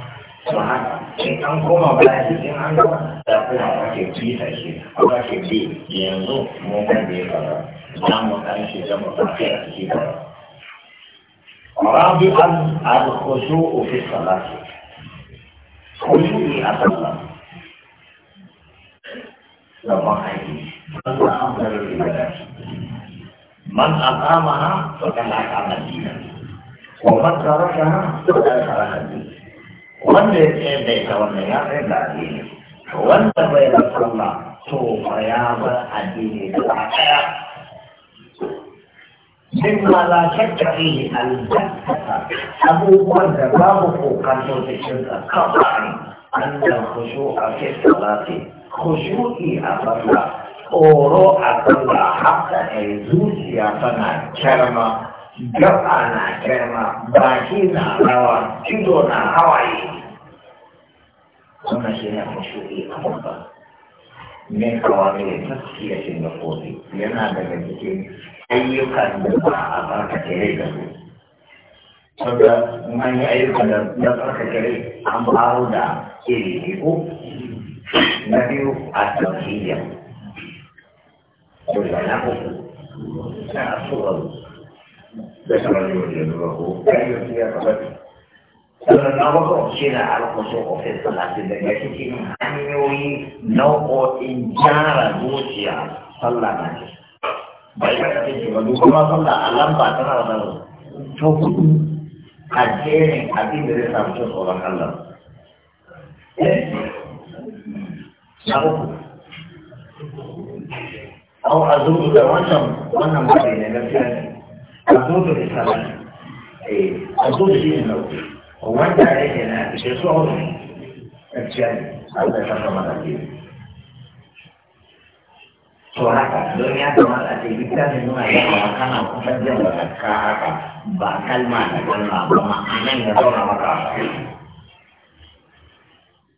to haka in an koma baya in an gaba da kuma ake kita shi ko ake bi yanzu mun ga ka ya za mu kan shi da mu a ciki ba rabi'an al-khushu'u fi salati khushu'i a sallah ba a yi Allah an fara من أقامها فقد أقام الدين ومن تركها فقد ترك الدين wanda ya tsaye da ita wannan ya tsaye da addini wanda bai da sallah to fa ya ba addini da ɗaya min ma la al-jassata abubuwan da babu kokanto cikin sa kawai an da khushu'a fi salati khushu'i a sallah tsoro a sallah haka ne zuciya tana kyarma gaba na kyarma baki na rawa ido na hawaye suna shi ne a mashuri a kuma ne kawai ne taskiya shi na kofi yana daga cikin ayyukan da ba a baka kere da su saboda manyan ayyukan da na baka kere an baro da iri ko na biyu a tafiyar Sudah aku. cikin sallah na ce. Bai ka kace ce ba kuma sallah a lamba tana da nan ta hudu a jerin abin da zai samu cin tsoron Allah. Na أو أزود ده وانشم وانا مبادئ لنفسي أزود الإسلام إيه أزود دين الأول هو أنت عليك أنا بشيء عرفي الجن هذا شخص مرتين suara dunia cuma tadi kita semua yang makan aku saja berkata bakal mana dan lama makanan yang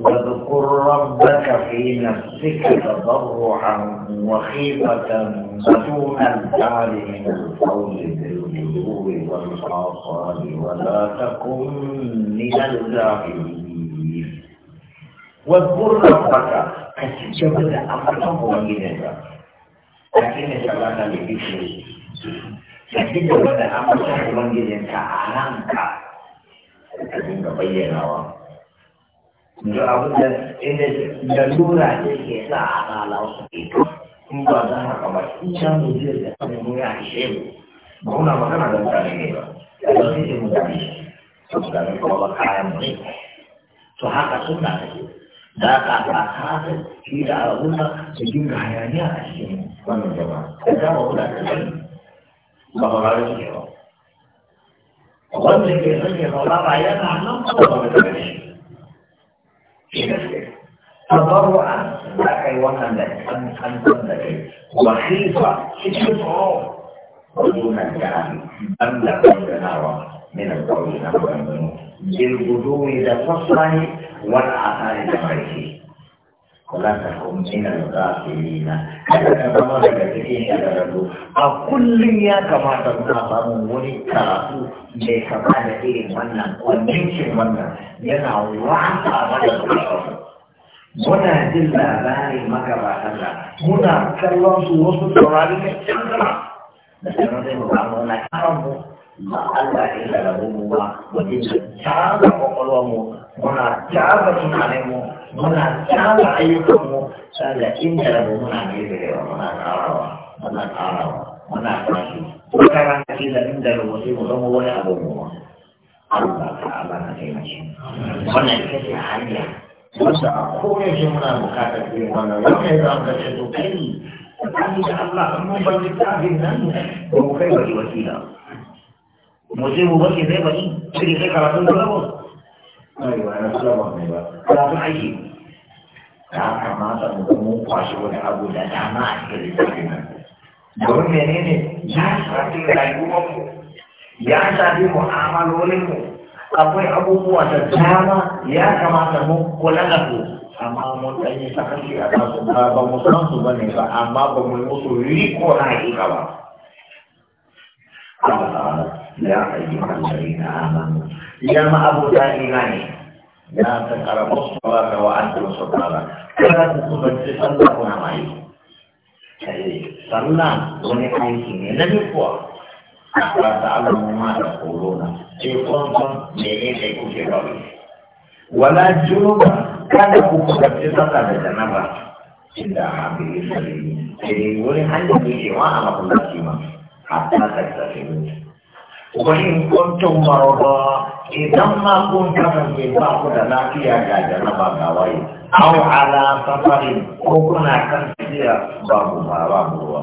واذكر ربك في نفسك تضرعا وخيفة ودون الجعل من القول بالغلو والآصال ولا تكن من الجاهلين واذكر ربك كتبت أمره ومنك لكن لكن لبيته كتجبد أمره ومنك أعلمك كتجبد بينه da abin ke sa a tsala wasu ito in ba za haka ba in can mu zai da sanin mu ya ishe mu ba muna magana da mutane ne ba da ba sai mu mutane to mutane kuma ba kayan mu ne to haka sun na take da ka ba ka shi da abin da su dinga hayaniya a cikin wannan jama'a da za mu kula da shi ba ba ba shi ba wanda ke sanya ba ba yana nan ko ba ba da Tabarru'an tak kai wannan da hantar da kai. Wahifa cikin tsoro. Gudunan jami ɗan da ɗanarwa mina ƙauri na ɓangano. Jirgudu ne da sassani wani asali da ƙarfi. Kula ta kun mina za su yi na. Kada ka zama daga cikin shagararru. A kullum ya kamata na samu wani karatu me kama da irin wannan ƙwancin wannan yana wata mana ƙarfi. muna jin labarin magabatan da muna kallon su wasu saurari da canzana da sanar da mu kamo na karon mu ba Allah ya da rabu mu ba wajen su caza kwakwalwar mu muna caza tunanin mu muna caza ayyukan mu sanda inda rabu muna ne da yawa muna karawa muna karawa muna kwashi wata rana kila inda rabu sai mu zama wani abu mu Allah ta'ala na taimake wannan ita ce hanya wanda a koyaushe muna bukatar irin wannan wanda ya zama kashe to kai ni da Allah an mun bani tsarin mu kai bari wasila mu je mu bari sai bari aiki menene ya shafi rayuwarmu ya shafi akwai abubuwa da dama ya kamata mu kula da su amma mun ɗan yi sakaci a kasu ba ba mu san su ba ne ba amma ba mu yi musu riko na hakika ba ya ayyukan na amanu ya ma abuta imani ya ta karamu ka wa antum salata kada ku kubanci sallah kuna mai eh, sallah wani aiki ne na duk kuwa ba ta alamu ma da korona ce kwanton mene ne kuke ba wala junuba kada ku kusanci sallah da janaba inda abin sarari sai wurin hanyar da ke wa a makullaci ma hatta ta sarari wani kuntun maraba idan ma kun kasance ba ku da lafiya ga janaba ga waye au ala safarin ko kuna kan tafiya babu ba babu ruwa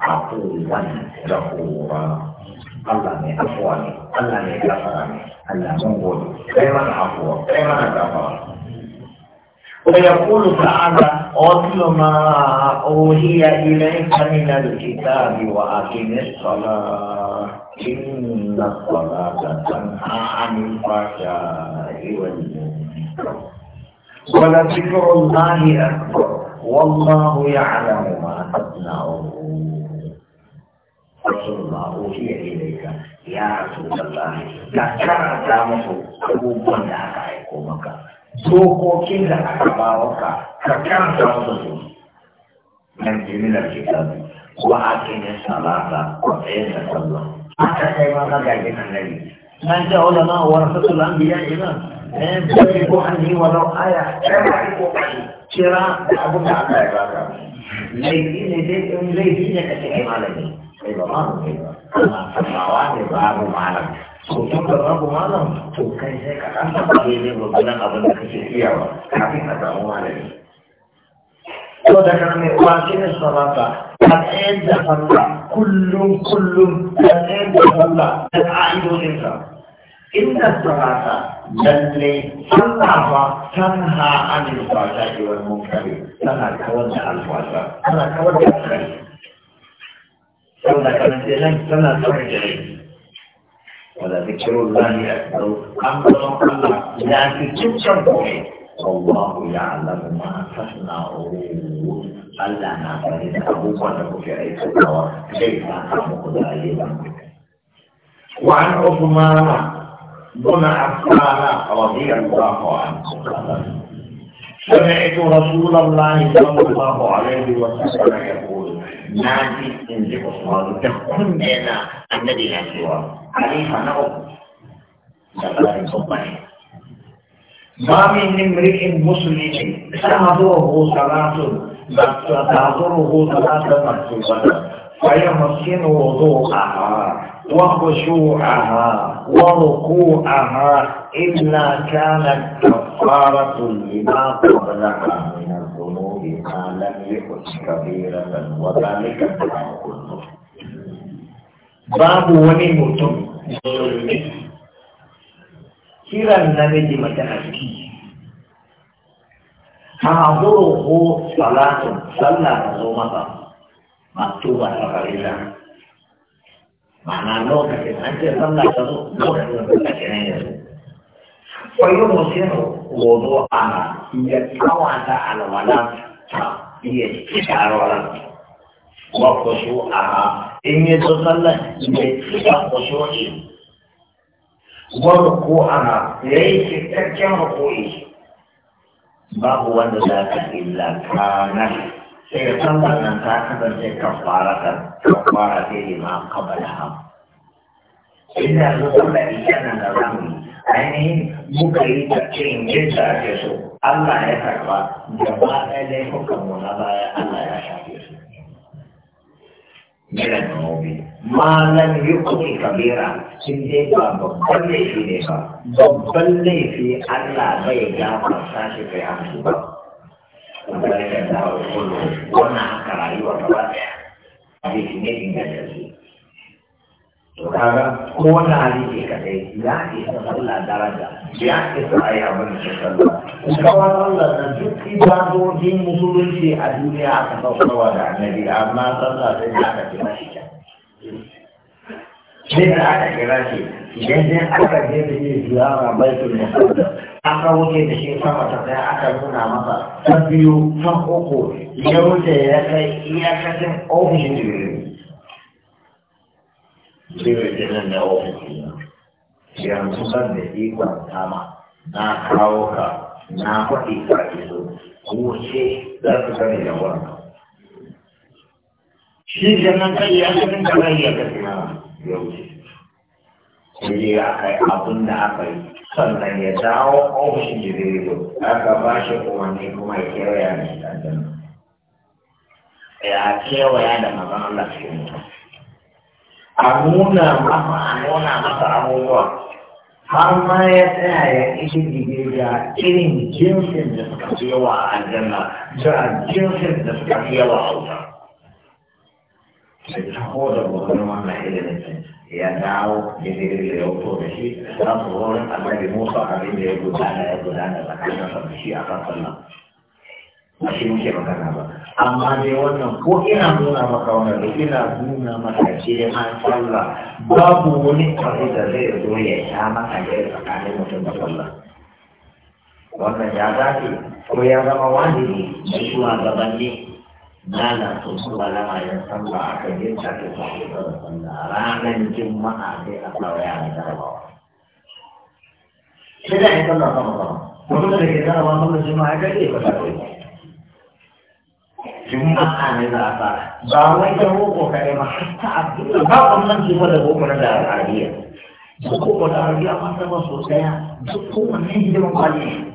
عفوا غفورا الله من عفواني الله من غفراني الله منقول خيرا عفوا خيرا غفرا ويقول تعالى أتل ما أوحي إليك من الكتاب وأقم الصلاة إن الصلاة تنهى عن الفحشاء والمنكر ولذكر الله أكبر والله يعلم ما تصنعون Rasulullah usia ilaika ya Rasulullah ka karanta musu abubuwan da aka aiko maka dokokin da aka bawa ka ka karanta musu su nan jimilar kitabi wa aqimis salata wa qimis sallah aka kai ma ka gaji nan nabi nan da ulama warasatul anbiya ina eh bai ko anni walau aya kai ko kai kira da abun da aka yi baka laifi ne dai in laifi ne ka ce kai malami sai ba malam ne ba ana fatawa ne babu malam to tun da babu malam to kai sai ka ɗan taɓa daidai gwagwanan abin da kake iyawa kafin a samu malami to da kan mai kwace ne salata ta tsayar da sallah kullum kullum ta tsayar da sallah da ƙa'idodinsa inda salata lalle sallah fa tanha anil fata wal munkari tana kawar da alfasa tana kawar da alfasa سولا كانت إذن سنة ترجع ذكر الله أكبر أكبر الله لا تتشبه والله يعلم ما تصنعون ألا نعتمد أبوك لك في أي سنة كيف تعمق دائما وعن عثمان بن عفان رضي الله عنه سمعت رسول الله صلى الله عليه وسلم يقول نادي انزل عثمان تكون لنا النبي نسوى عليه فنعم سبحان الله ما من امرئ مسلم تحضره صلاة تحضره صلاة مكتوبة فيحسن وضوءها وخشوعها وركوعها إلا كانت كفارة لما قبلها من الذنوب ما لم يكن كبيرة وذلك الدعوة باب وني متم النبي متأكد حاضره صلاة صلى زمطة مكتوبة فقريبا mana lokacin an ce sallah ta zo lokacin sallah ke nan yanzu fayyar musiru wudu a ya kawata alwala ta a la alwala wa kushu aha in yi zo sallah ya cika kushu shi. wa ruku ana ya yi cikakken ruku'i babu wanda za ka illa kanar sai sallar nan ta kasance kafarata kafara ce lima qablaha inda yanzu sallar isha nan da zamu yi ainihin muka yi ta cin yadda ake so Allah ya karba gaba ɗaya laifukan mu na baya Allah ya shafe su Jiran nobi, malam yi kuɗi kabira, sun dai ba babban laifi ne ba, babban laifi Allah bai gafarta shi kai hamsu ba. kebaikan tahu dulu warna kalau luar tempat ya di sini tinggal jadi Kaga ke kadai ya isa sallah daraja ya wani Kawar Allah na duk ibadojin musulunci a duniya aka saukarwa da annabi amma sallah sai ya kace mashi sai da aka kira shi idan sai aka je da yi ziyara baitul an kawo ke da shi sama ta kai aka nuna masa ta biyu ta uku ya wuce ya kai iyakacin ofishin jirgin jirgin jirgin da ofishin yanzu san da ikon sama na kawo ka na faɗi ka iso wuce za su sani da wannan shi kenan kai iyakacin da zai iya gaskiya ya wuce sai dai aka abin da aka yi sannan ya dawo ofishin jibrilu aka ba shi umarni kuma ya kewaya da aljanna ya kewaya da mazan Allah cikin mutum a nuna masa a nuna masa abubuwa har ma ya tsaya ya ishi dige da irin jinsin da suka fi yawa a aljanna da jinsin da suka fi yawa a wuta. koda mutum wannan ilimin ne ya dawo ya zirga ya wuto da shi za a wurin annabi musa abin da ya gudana ya gudana tsakanin sa da shi a kan sallah ba shi muke a ba amma dai wannan ko ina nuna maka wannan duk ina nuna maka a ma sallah babu wani abu da zai zo ya a maka ya tsakanin mutum da sallah wannan ya zafi ko ya zama wajibi da shugabanni nana sun suwa lamarin sallah a kan yin shafi shafi da sallah ranar juma'a sai a kawo yara jarabawa sai da ya sallah sama sama mutum da ke jarabawa sallah juma'a ya kai ba sai juma'a ne za a fara ba wai ta boko kaɗai ma hatta abdullah ba wannan jima da boko na da arabiya boko da arabiya ma sama sosai duk kowanne hidiman kwaliya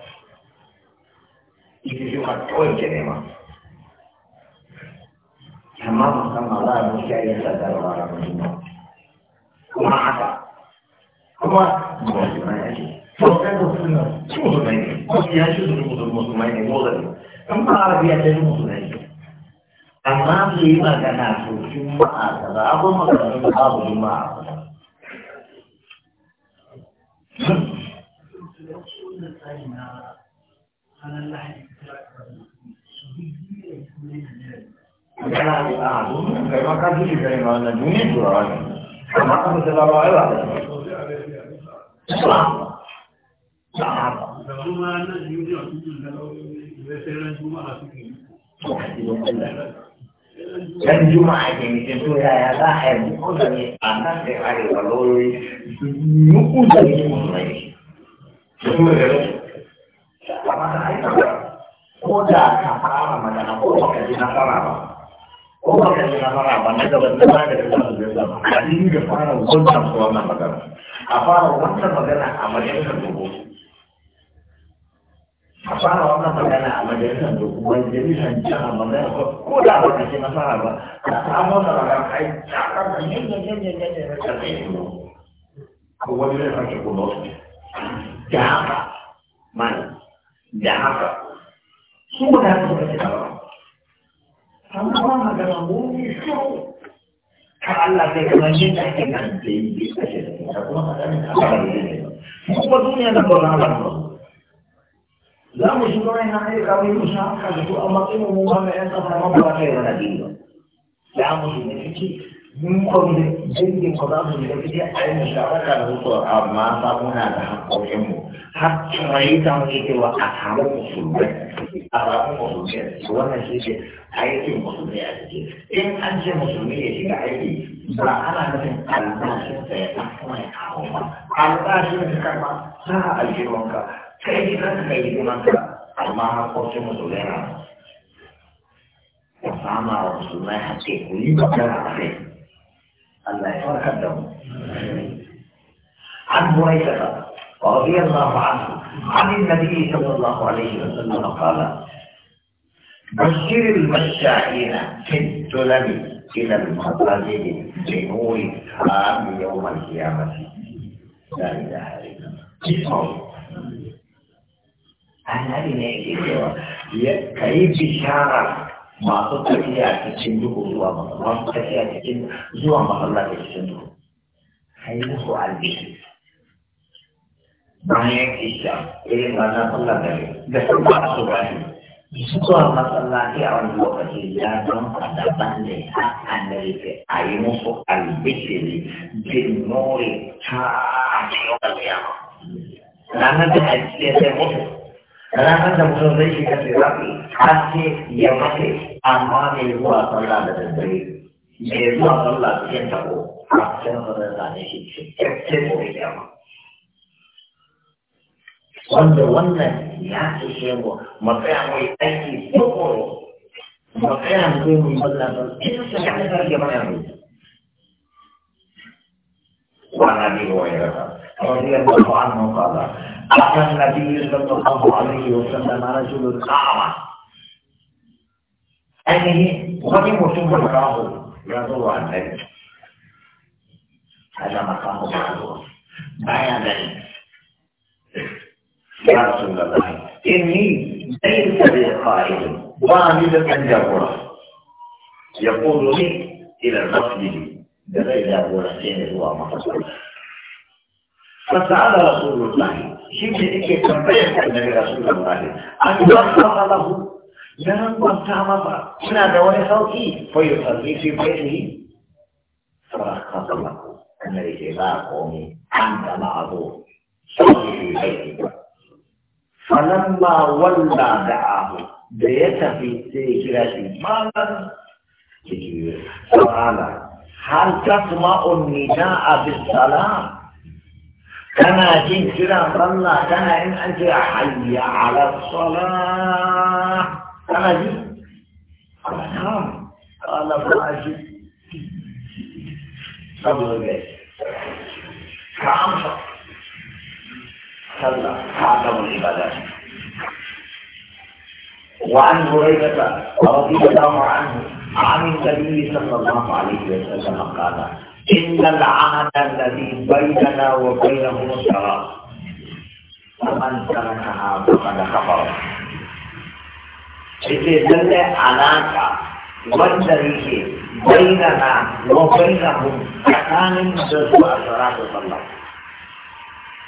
ita juma kawai ke nema amma musamman za a nufi a yi sadarwa a juma kuma haka kuma musulmai ya ce to kai musulmai su musulmai ne ko ya shi su musulmai ne ko zai in ba arabiya ta yi musulmai ne amma su yi magana su juma'a kaza abin magana su babu juma'a ba Thank you. ranar lahadi Yana ah, ma kasu shi kai Yan juma'a ke nufin to yaya za a yi mukuta ne a nan da arewa lauyoyi, mukuta ne musulmai. Musulmai da kamata a yi ko da ka fara magana ko ba ka ji ba ko ba ka ji ba na gaba na ba ka ji zai zama a dinga fara wancan su wannan magana a fara wannan magana a majalisar dogo a fara wannan magana a majalisar dogo majalisar jiha magana ko da ba ka ji nasara ba ka samu da magana kai ta da yin ko da haka su ba za su ba ta ba amma ba magana mu ne sau ka Allah zai kamar yadda ake kan da yi a da kuma magana da aka ne mu ba duniya da ba na mu na ayyuka mai musa ka da su amma tsayin mu ba yan ma ba ta yi wani biyu za mu shiga ciki mun kwamfi jirgin ku za mu da kuke a yi musharaka da mutuwa amma fa muna da hankokin mu har tsayi ta muke cewa a samu musulmai a samu musulmai wannan shi ce aikin musulmi a ciki in an ce musulmi ya shiga aiki ba ana nufin albashinsa ya san kuma ya kawo ba albashinsa kama sa aljihunka kai gidanka kai gidanka amma hankokin musulmai na sama wa musulmai hakkin ku yi magana a kai الله يبارك لهم عن بريدة رضي الله عنه عن النبي صلى الله عليه وسلم قال بشر المشاعين في السلم إلى المساجد بنور السلام يوم القيامة لا إله إلا الله أنا هذه هي كيف بشارة masu tafiya cikin duhu zuwa masu tafiya cikin zuwa masallaci cikin duhu sai musu albishi bayan isha irin ranar sallar dare da sallar asuba ne zuwa masallaci a wani lokaci ya don a daban ne a annabi a yi musu albishi ne bin nori ta a cikin kalmiyama ranar da a cikin sai mutu ranar da mutum zai shiga sai zafi haske ya mace amma mai zuwa sallah da daddare mai zuwa sallah cikin tabo a cikin sallah da ne shi cikakken mai yawa wanda wannan ya ishe mu matsaya mai aiki tukuru matsaya mai mun ballatar ita ce ya karfe mana mai وعن ابي a رضي الله عنه قال اتى النبي صلى الله عليه وسلم رجل اعمى أنني خدم ثم أراه رضوا عن ذلك هذا مقام معروف بعد ذلك يا رسول الله إني ليس لي قائد واجد أن يقول لي إلى المسجد بغير أبو حسين هو مقصود فسأل رسول الله شبه إيه كم بيحكي رسول الله أن يصف له لا وانتع مضى هنا دواء صوتي فيصلي في بيته فرخص له أن الجبال قومي أنت معذور صلي في بيته فلما ولى دعاه بيته في كراسي مالا فقال هل تسمع النداء بالسلام كما جئت الى صلى كما إن أنت حي على الصلاة أنا دي قال نعم أنا فاجئ قبل جاي كعمشة صلى تعلم العبادات وعن هريرة رضي الله عنه عن النبي صلى الله عليه وسلم قال إن العهد الذي بيننا وبينه الصلاة فمن تركها فقد كفر yake lalle alaka wanda yake bainana wa bainahum tsakanin da su a salatu tsalla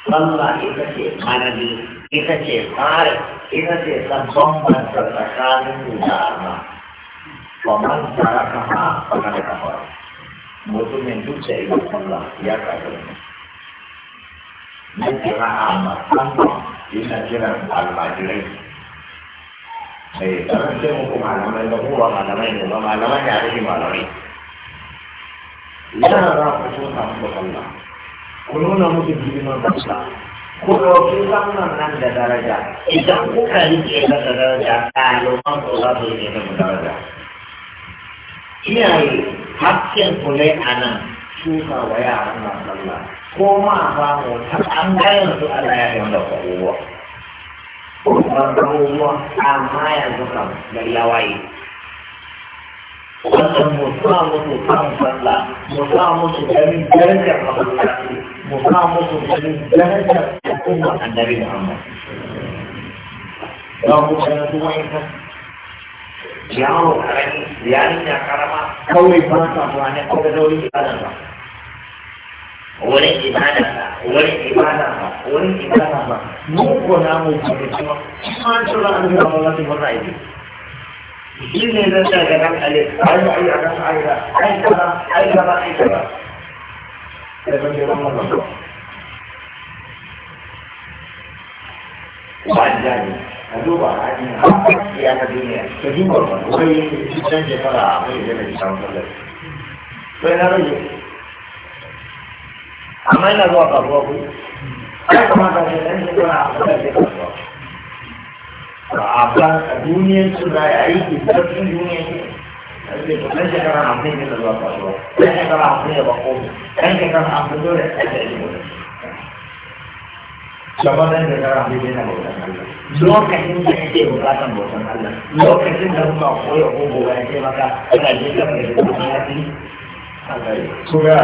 sallah ita ce manadi ita ce tsari ita ce sabon banta tsakanin da Allah ومن تركها فقد كفر mutumin duk da ido sallah ya kafa ne kira a musamman yana jiran almajirai eh karena saya mau ke malamai ba ko ba malamai ne ba malamai ne a rage malamai yara ku sun samu da Allah ku nuna musu girman Allah ku ɗauki wannan nan da daraja idan kuka rike ta da daraja ɗaliban ku za su rike ta da daraja iyaye hakkin ku ne a nan shuka wa yaran na sallah ko ma a mu ta an bayan su Allah ya yi wanda ku ruwa amma yanzu kam lallawa yi wannan mu sa musu kan sallah mu sa musu ganin darajar masallaci mu sa musu ganin darajar al'umma annabi Muhammad don ku sanar da wani kan yaro karami yarin da karama kawai ba sa zuwa ne kawai zauri da ba wurin ibada wurin ibada wurin ibada ba mu ko na mu ko kuma an tura an ga Allah ta fara yi shi ne zan ta ga nan ale ai ai ai ai ai kaza ai kaza ai kaza da ban jira mun ba ba yi a duba a hannun ya ka duniya ta duba wani wani canjin fara a mai da na jikin kallon sai na rage amma yana zuwa kasuwa ku ya kamata ne dan shi kana a kan da a ban a duniyar a da ya sarkin duniyar su dan shekara hamsin yana zuwa kasuwa dan shekara hamsin ya bako dan shekara hamsin dole a da ilimi Shabbat dan shekara hamsin yana bautan Allah lokacin da yake bukatan bautan Allah lokacin da kuma koyo ko gobe ya maka kana je kan da ya fi Allah ya so ya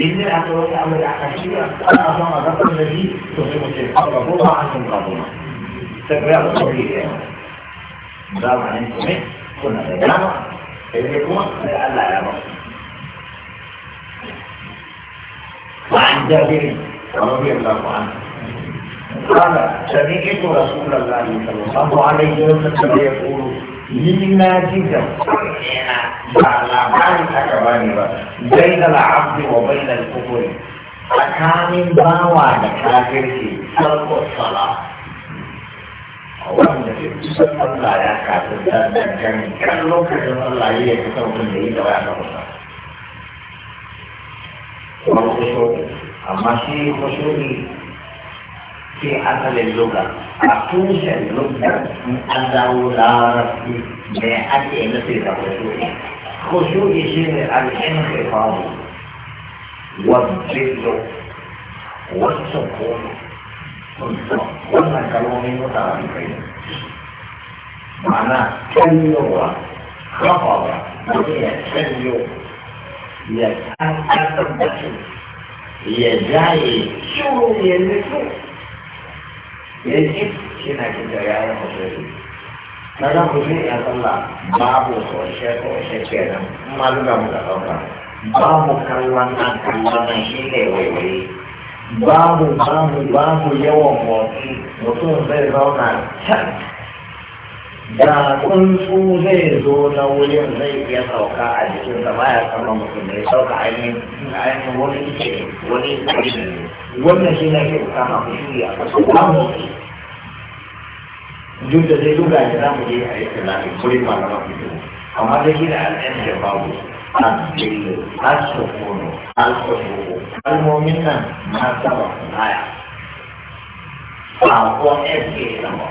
إن الأخوات أو الأخشية أنا أظن ذكر الذي تصيب الشيطان ربما عنكم ربما تبعه صحيح دعوا عن انتم كنا نجمع إليكم لألا يا رب وعن جابر رضي الله عنه قال سمعت رسول الله صلى الله عليه وسلم يقول لما جدا فالعبان أكباني بين العبد وبين الكفر أكامل باوى لكافرتي ترك الصلاة wanda ke kusan Allah ya kafin da dangane kan lokacin Allah ya yi saukin da yi da waya na kusa. Kuma kusuri, amma shi kusuri في أصل اللغة أقوش اللغة أدعو لا رفض بأتي نسي الخشوع خشوع شيء الانخفاض والذل والسكون والسكون كلام متعارفين معنى كلوا خفض يتكلوا يتأثر يجاي شو يلفوا idan ki shi na kin da yaran na zan hujjoji a babu kawashe kawashe kenan ma duka muka ɗauka babu kallon nan kallon nan shi ne waiwaye babu babu babu yawan motsi mutum zai zauna can da tsuntsu zai zo na wurin zai iya sauka a jikin sa baya kama mutum ne sauka ainihin ainihin wani ice wani ice wannan shi na ke kama ku shi a kasu kamu duk da zai duga ne za mu je a yi tunani kuri malama fito amma da shi da al'adun da babu asibiru asoforo asoforo kalmomin nan na saba haya a ko ake sama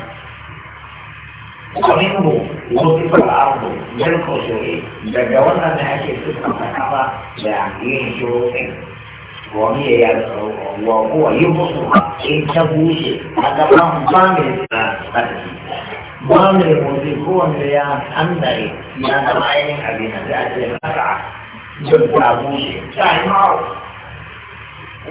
kwaninmu wani fara'armu yan kusuri daga wannan da ake suka kafa da yin shirofin wani ya yi wa kuwa yi musu ta buce a gaban bamir da sarki bamir mutum kowane ya tsandare na zama yin abin da za a ce ta buce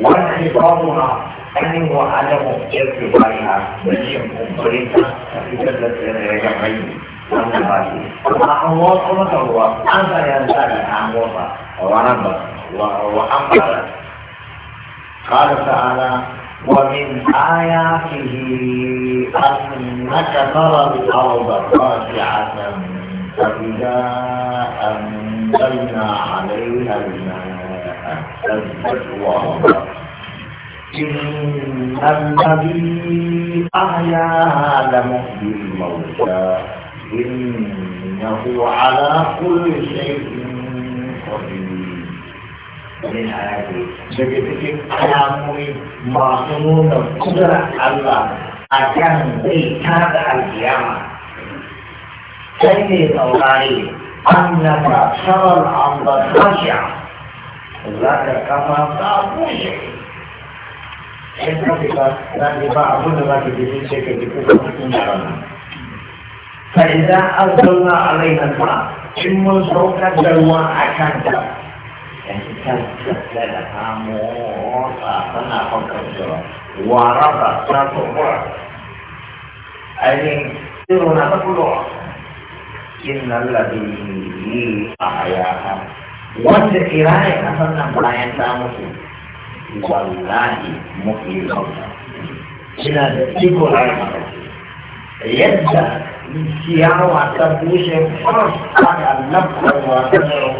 وانعظامها أن هو عدم ارتفاعها بل مقبلتها في الجمعين أموات أمك الله أنت ينزل أموات ونبت وأنبت قال تعالى ومن آياته أنك ترى الأرض خاشعة فإذا أنزلنا عليها الماء تذكرون إن الذي أحيا لمحيي الموتى إنه على كل شيء قدير من هذه سجدتك قيامي معصومون قدرة الله akan berikan al-qiyamah. Saya ini tahu dari أنك ترى الأرض خاشعة laka kama ta'budu Kita kita nanti Abu lagi di sini ke di kumpulan Faida azalna alaiha ma Cuma sokat jawa akan tak Kita tidak ada kamu Apa nak pekerja Warabah satu orang Ini Turun apa puluh Innal ladhi ahyaha wanda kiraya kasan nan bayan ta mutu wallahi muku yi kauna ina da iko rayuwa yadda ciyawa ta bushe farsa da lafarwa ta zaro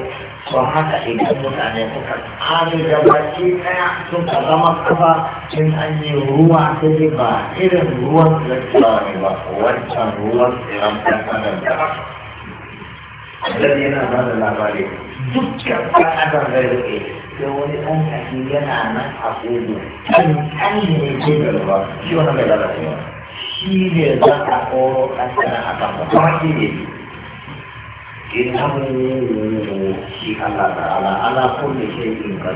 to haka idan mutane suka tsari da baki daya suka zama kafa in an yi ruwa ta ba irin ruwan da ba wancan ruwan tsiran ɗan adam da annabi yana ba da labari dukkan sa'adar da yake sai wani ɗan kashi yana nan a kogo an ne ke gaba shi wani mai lalacewa shi ne za a koro ƙasar a kan kuma shi ne إنه da الله تعالى على كل ana ba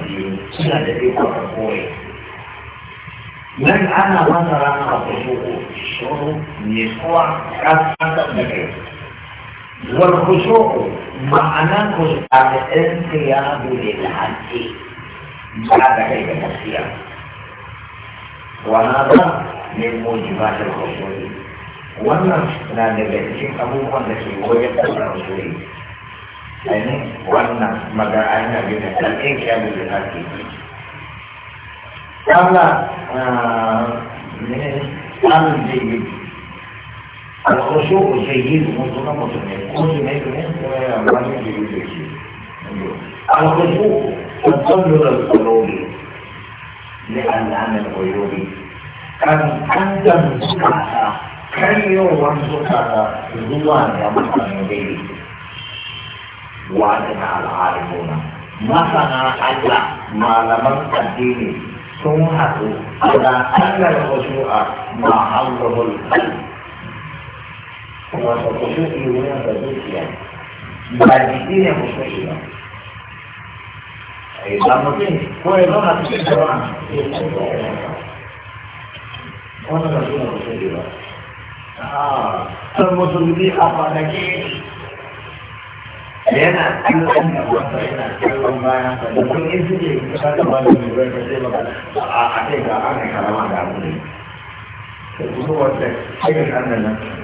لا تبيك حقوقه من أنا ne أقصده الشر ka da من والخشوع معناه الانقياد للعبد بعد كلمة الصيام وهذا من موجبات الخشوع والنفس لا نبدأ في أبوه الذي هو يقول الرسول يعني والنفس ما دعانا بنا الانقياد للعبد قال من الانقياد الخشوع جيد منذ نمط الخشوع التضلل القلوبي لأن عن الغيوبي أن أنت مزكعة كي وانزكعة زوان يا مكان يديك وعدنا العارفون مثلا ألا ما لم الدين ثم حقوا على أن الخشوع حوله القلب wato kusurki wurin da zuciya ba jiki ba ko ya zauna ya tsaye wannan da suna kusurki ba san musulmi a kwanaki yana kallon da wata yana kallon bayan sa da kun in suke kusa da wani mai ka ce maka a kai ga an karama da abu ne. Kuma wata aikin annan nan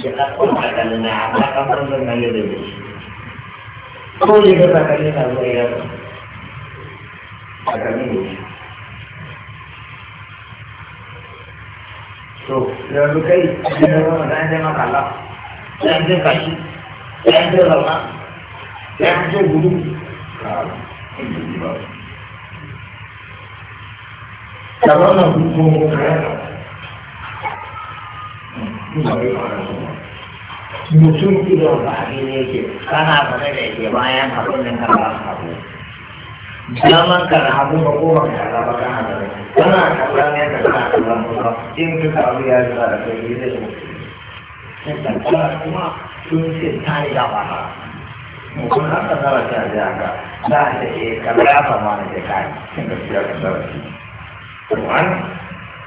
siapapun makanannya apa, kapan mengalir dulu. Kau juga makannya kamu ya. Makan ini. So, lalu kai, jangan jangan kalah. Jangan jangan kai, jangan jangan lama, jangan jangan guru. Kalau nak buku, mutum ido ba a ne ke kana fada da ke bayan haɗin nan ka ba haɗu daman ka na haɗu ba ko ba ka ba kana da kana kallon yadda kana kallon mutum in duka abu ya zuwa da kai yi zai mutu kuma sun ce ta yi da ba ha mutum haka zara ta ji haka za a ce eh kallon ya da ke kai sun gaskiya ka zara shi.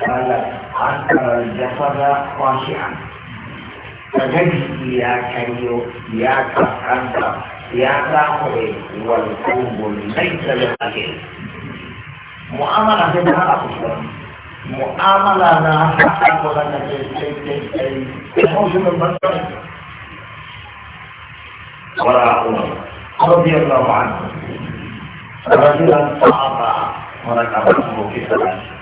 قالت أكثر الجسد خاشعا فجدي يا كريو يا كفرد يا كافر والقلب ليس للأكل معاملة بها أكثر معاملة لا تحقق لنا تحوش من بطنك ولا عمر رضي الله عنه رجلا صعب وركبته في ثلاثة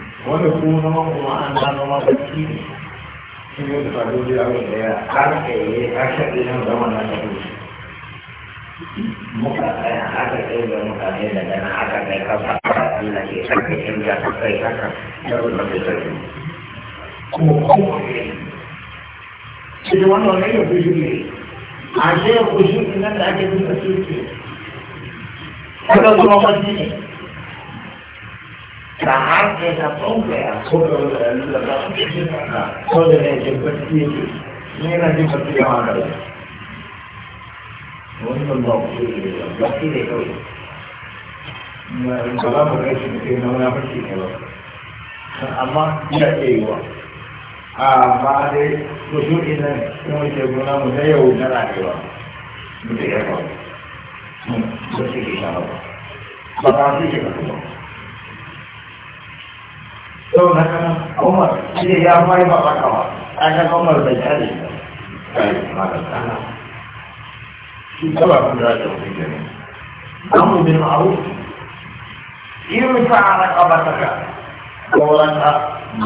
wani kuma zaman kuma an zama ma baki ne da faru da yawon da ya har ka yi har shaɗi zama na ta kusa muka tsaya aka kai da mutane da gana aka kai kafa Allah ke saka yin da aka kai haka da rubar da sarki kuma kuma ne shi wannan ne ya kushi ne a ce ya kushi nan da ake duka suke kada zuwa ne Trabajar de esa sombra, solo la sombra, solo el compartir, mira el compartir ahora. Bueno, no, yo aquí de todo. No, no, no, porque es que no me ha percibido. Ama, ya te digo. Ama de, pues yo que no me tengo una mujer, yo una lágrima. No te digo. No, no sé qué es la otra. Papá, sí que la tengo. sau na kan umar shi ya mai ba baka ba a kan umar bai tare da magana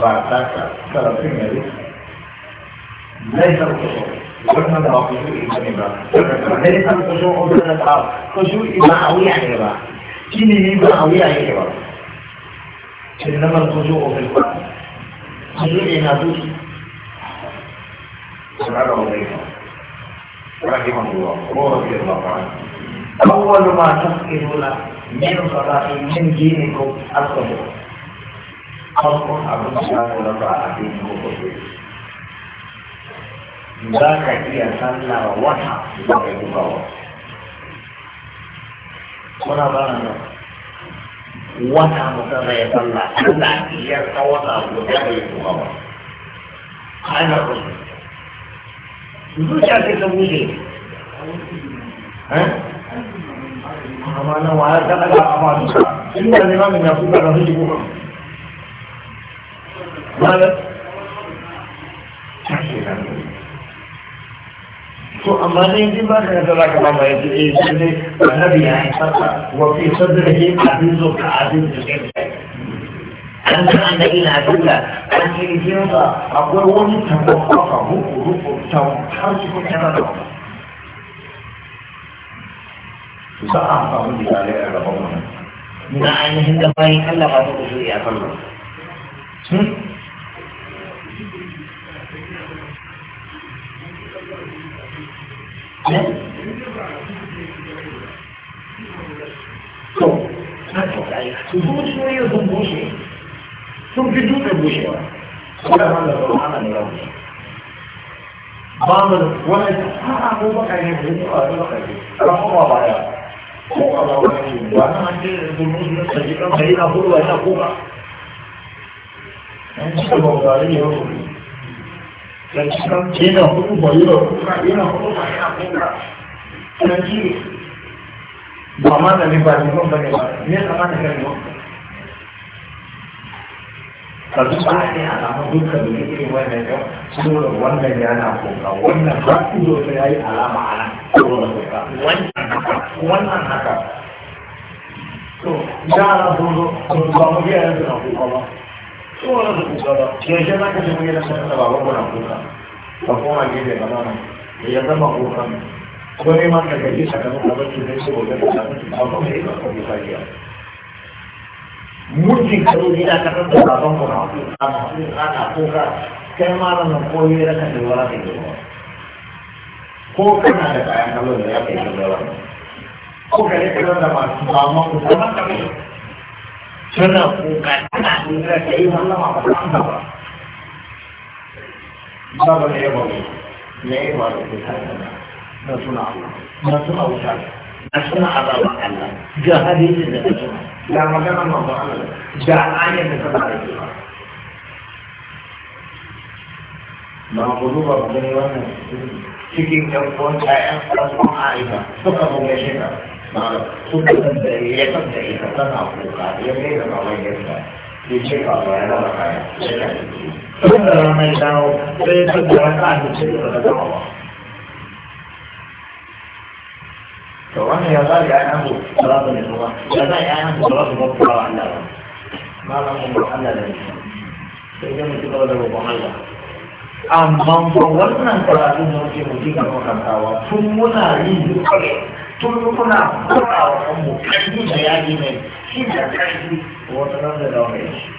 shi ليس الخشوع قلنا له خشوع إيمان خشوع إيمانوي يعني إنما الرجوع في القلب خلوني إلى دوسي سبحانه وتعالى رحمه الله ورضي الله عنه أول ما تفقدون من صلاة من دينكم الصبر خلق أبو سعد رضا دينه وقلبه ذاك هي صلى وحى لا يتفاوت. هنا بقى wata mutum ya salla Allah biyar ta wata guda yi tuba ba ana kuma zuciya sai ta bushe eh? amma na wayar ta daga amma duka in da ne mamin ya kuka da suke kuka malar ta ke nan to amma ne ba ka yadda za ka ba mai ji eh shi ne annabi ya yi sarka wa fi sadrihi abizu ka abizu shirka an ga annabi na duka an kirgin sa akwai wani tabbafa ruku ruku ta har su kun tana da su sa an samu misalai rabon na ainihin da bayan Allah ba su a to na tsokaye su bushewa kuma wanda su hana ne yau ba mu wani sa'a ko bakare da yi ba da bakare rahama baya ko ala wani ba na ce zuciyoyin sun saji kan kai na kurwa ina kuka an ci gaba da yin yau yana hukuba yana hukuba yana hukuba ba ma ba ne ne ne ba ne wannan yana kuka wannan ba su a wannan haka zo na kuka ba kuma wani su kusa ba yanzu za ka shigo gidan nan da baban kuna ta ka koma gefe ka zama ya zama kuka ko ne ma ka gaji sakamakon abin da ko gobe ka ko su kawo mai ba ka kusa giya mutum ka zo gida ko san da baban kuna kusa masu ana kuka kai ma nan koyi raka da wara ka girma ko kana da kayan kalon da ya kai girma ko ka rika da masu mamman kusa ba ka suna kuka tana nuna ta yi sallama ba ta amsa ba babu da yawa ne yawa da ke sallama na suna na suna wuta na suna azaba Allah ga hadisi da suna ga magana manzo Allah ga ayat da ta bari ba ba ku duba ku gani wannan cikin ƴan uwan ƴaƴan ɗan uwan Aisha suka buge shekara chúng ta cần để để cần để chúng ta học được cả những cái nó gọi là gì vậy thì chỉ còn lại nó là phải thế này tức là mày đâu đây tôi nói là anh chỉ à, à, là đó Soalnya yang tadi ayat aku, salah benar semua. Yang tadi ayat aku, salah semua pulau anda. Malah membuat anda dari Sehingga mesti kalau ada lubang anda. Ambang pewarna pelaku mungkin-mungkin kamu akan tahu. Semua hari itu tun kuna kura wa kanmu ƙarfi da yaƙi ne shi da ƙarfi wata nan da dawo mai shi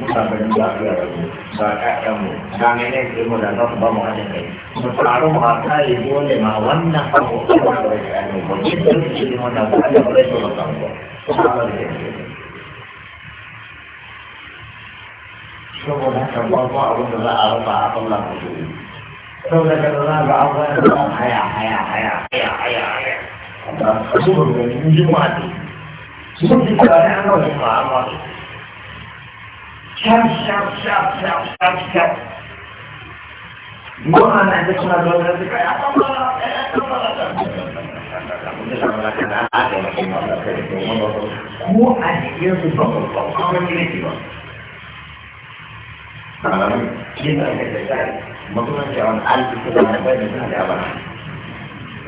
muna ganin lafiyar rabu ba ƙaƙanmu ba ne ne ke mu da zan ba mu hajji kai mu taru ma ta yi dole ma wannan abu kuma da rai ƙaƙanmu ba ne da ke yi wannan ba da rai ba ba ba ba da saboda haka ba ba abin za a rufa a kan lafiyar saboda ka zauna ga abubuwan da haya haya haya haya haya haya su ba ga ni juma'a ne su ba ki tsare an ga juma'a amma shaf shaf shaf shaf shaf shaf goma na da suna zaune da suka yi a kan bala a kan bala ko a cikin su ba ba ba ba ba ba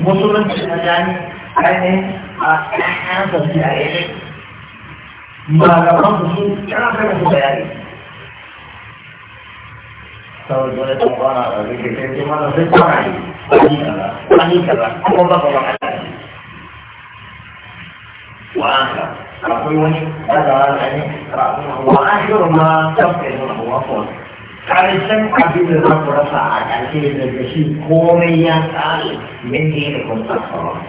musulunci na jani ainihin a ƙasar sarki a yi malaman su yana kai su bayani sau da wani tambana a rikin kai ke mana sai kwanayi kwani kaza kwani kaza kuma ba ba ba وآخر أقول وني هذا يعني وآخر ما تبقى هو فوق karshen abin da zan rasa a ƙarshe da shi komai ya tsari min da yin kun tsaksawa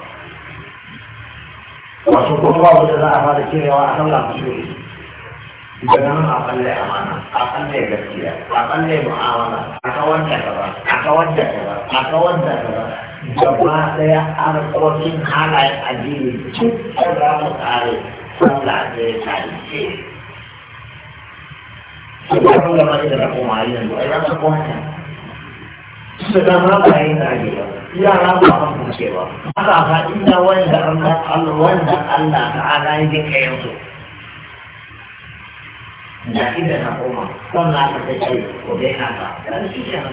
wasu kuma ba wanda za a fara cirewa a kan ne da nan a kalle amana a kalle gaskiya a kalle ma'amala a kawar da gaba a kawar da gaba a kawar da gaba gaba ɗaya harkokin halayen addini cikin ramu sun lafiya ta yi ce Sebab ulama tidak ada kumain dan bukan ada kumain. Sedang apa yang ba Ya Allah ba. siapa? Maka hadinya wanda Allah Allah wanda Allah Taala ini kaya itu. Jadi dan Ba mah, ba nak terjadi, kau dengar tak? ba siapa?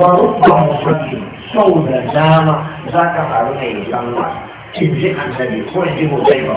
ورب مصلي صوت دام ذكر عليه الله تبدأ أن تبي تعجب ba.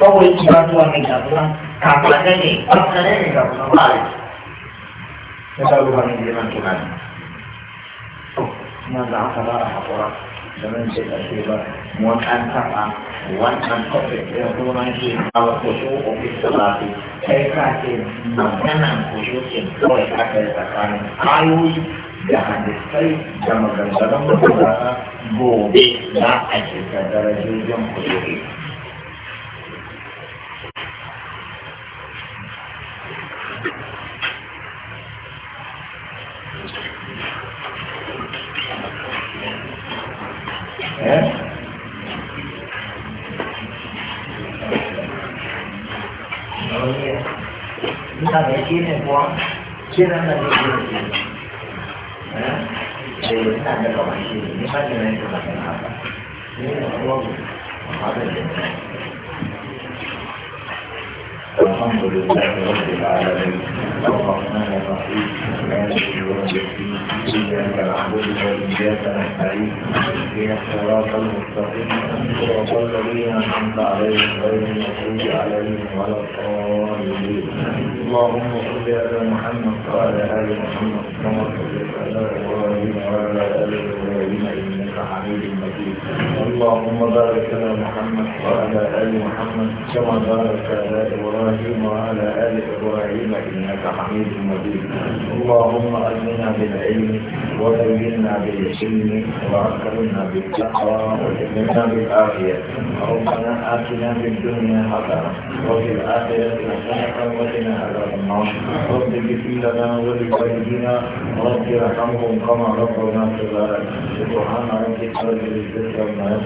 kawai ibatuwa ne ga kuma kafane ne kafane ne ga bari ya ruwa ne da nan tunani nan da aka fara haƙura da nan ce ƙarshe ba wannan taɓa wannan kafin ɗin ke kawo kusho ofis da lafi kai ka ke maganan kusho ce kawai aka yi tsakanin ayoyi da hadisai da maganganun mutane gobe za a ke ka darajojin kusho 哎。老李，你咋没就是，嗯，这个大家搞关系，你啥时候也这么听话？你老王，啥事？الحمد لله رب العالمين الرحمن الرحيم مالك يوم الدين اياك نعبد واياك نستعين اهدنا الصراط المستقيم صراط الذين انعمت عليهم غير المغضوب عليهم ولا الضالين اللهم صل على محمد وعلى ال محمد كما صليت على ابراهيم وعلى ال ابراهيم انك حميد مجيد اللهم بارك على محمد وعلى آل محمد كما بارك على إبراهيم وعلى آل إبراهيم إنك حميد مجيد اللهم أجلنا بالعلم وزينا بالسلم وأكرمنا بالتقوى وجبنا بالآخرة ربنا آتنا في الدنيا حسنة وفي الآخرة حسنة وقنا عذاب النار رب اغفر لنا ولوالدينا رب ارحمهم كما ربنا صغارا سبحان ربك رب العزة عما يصفون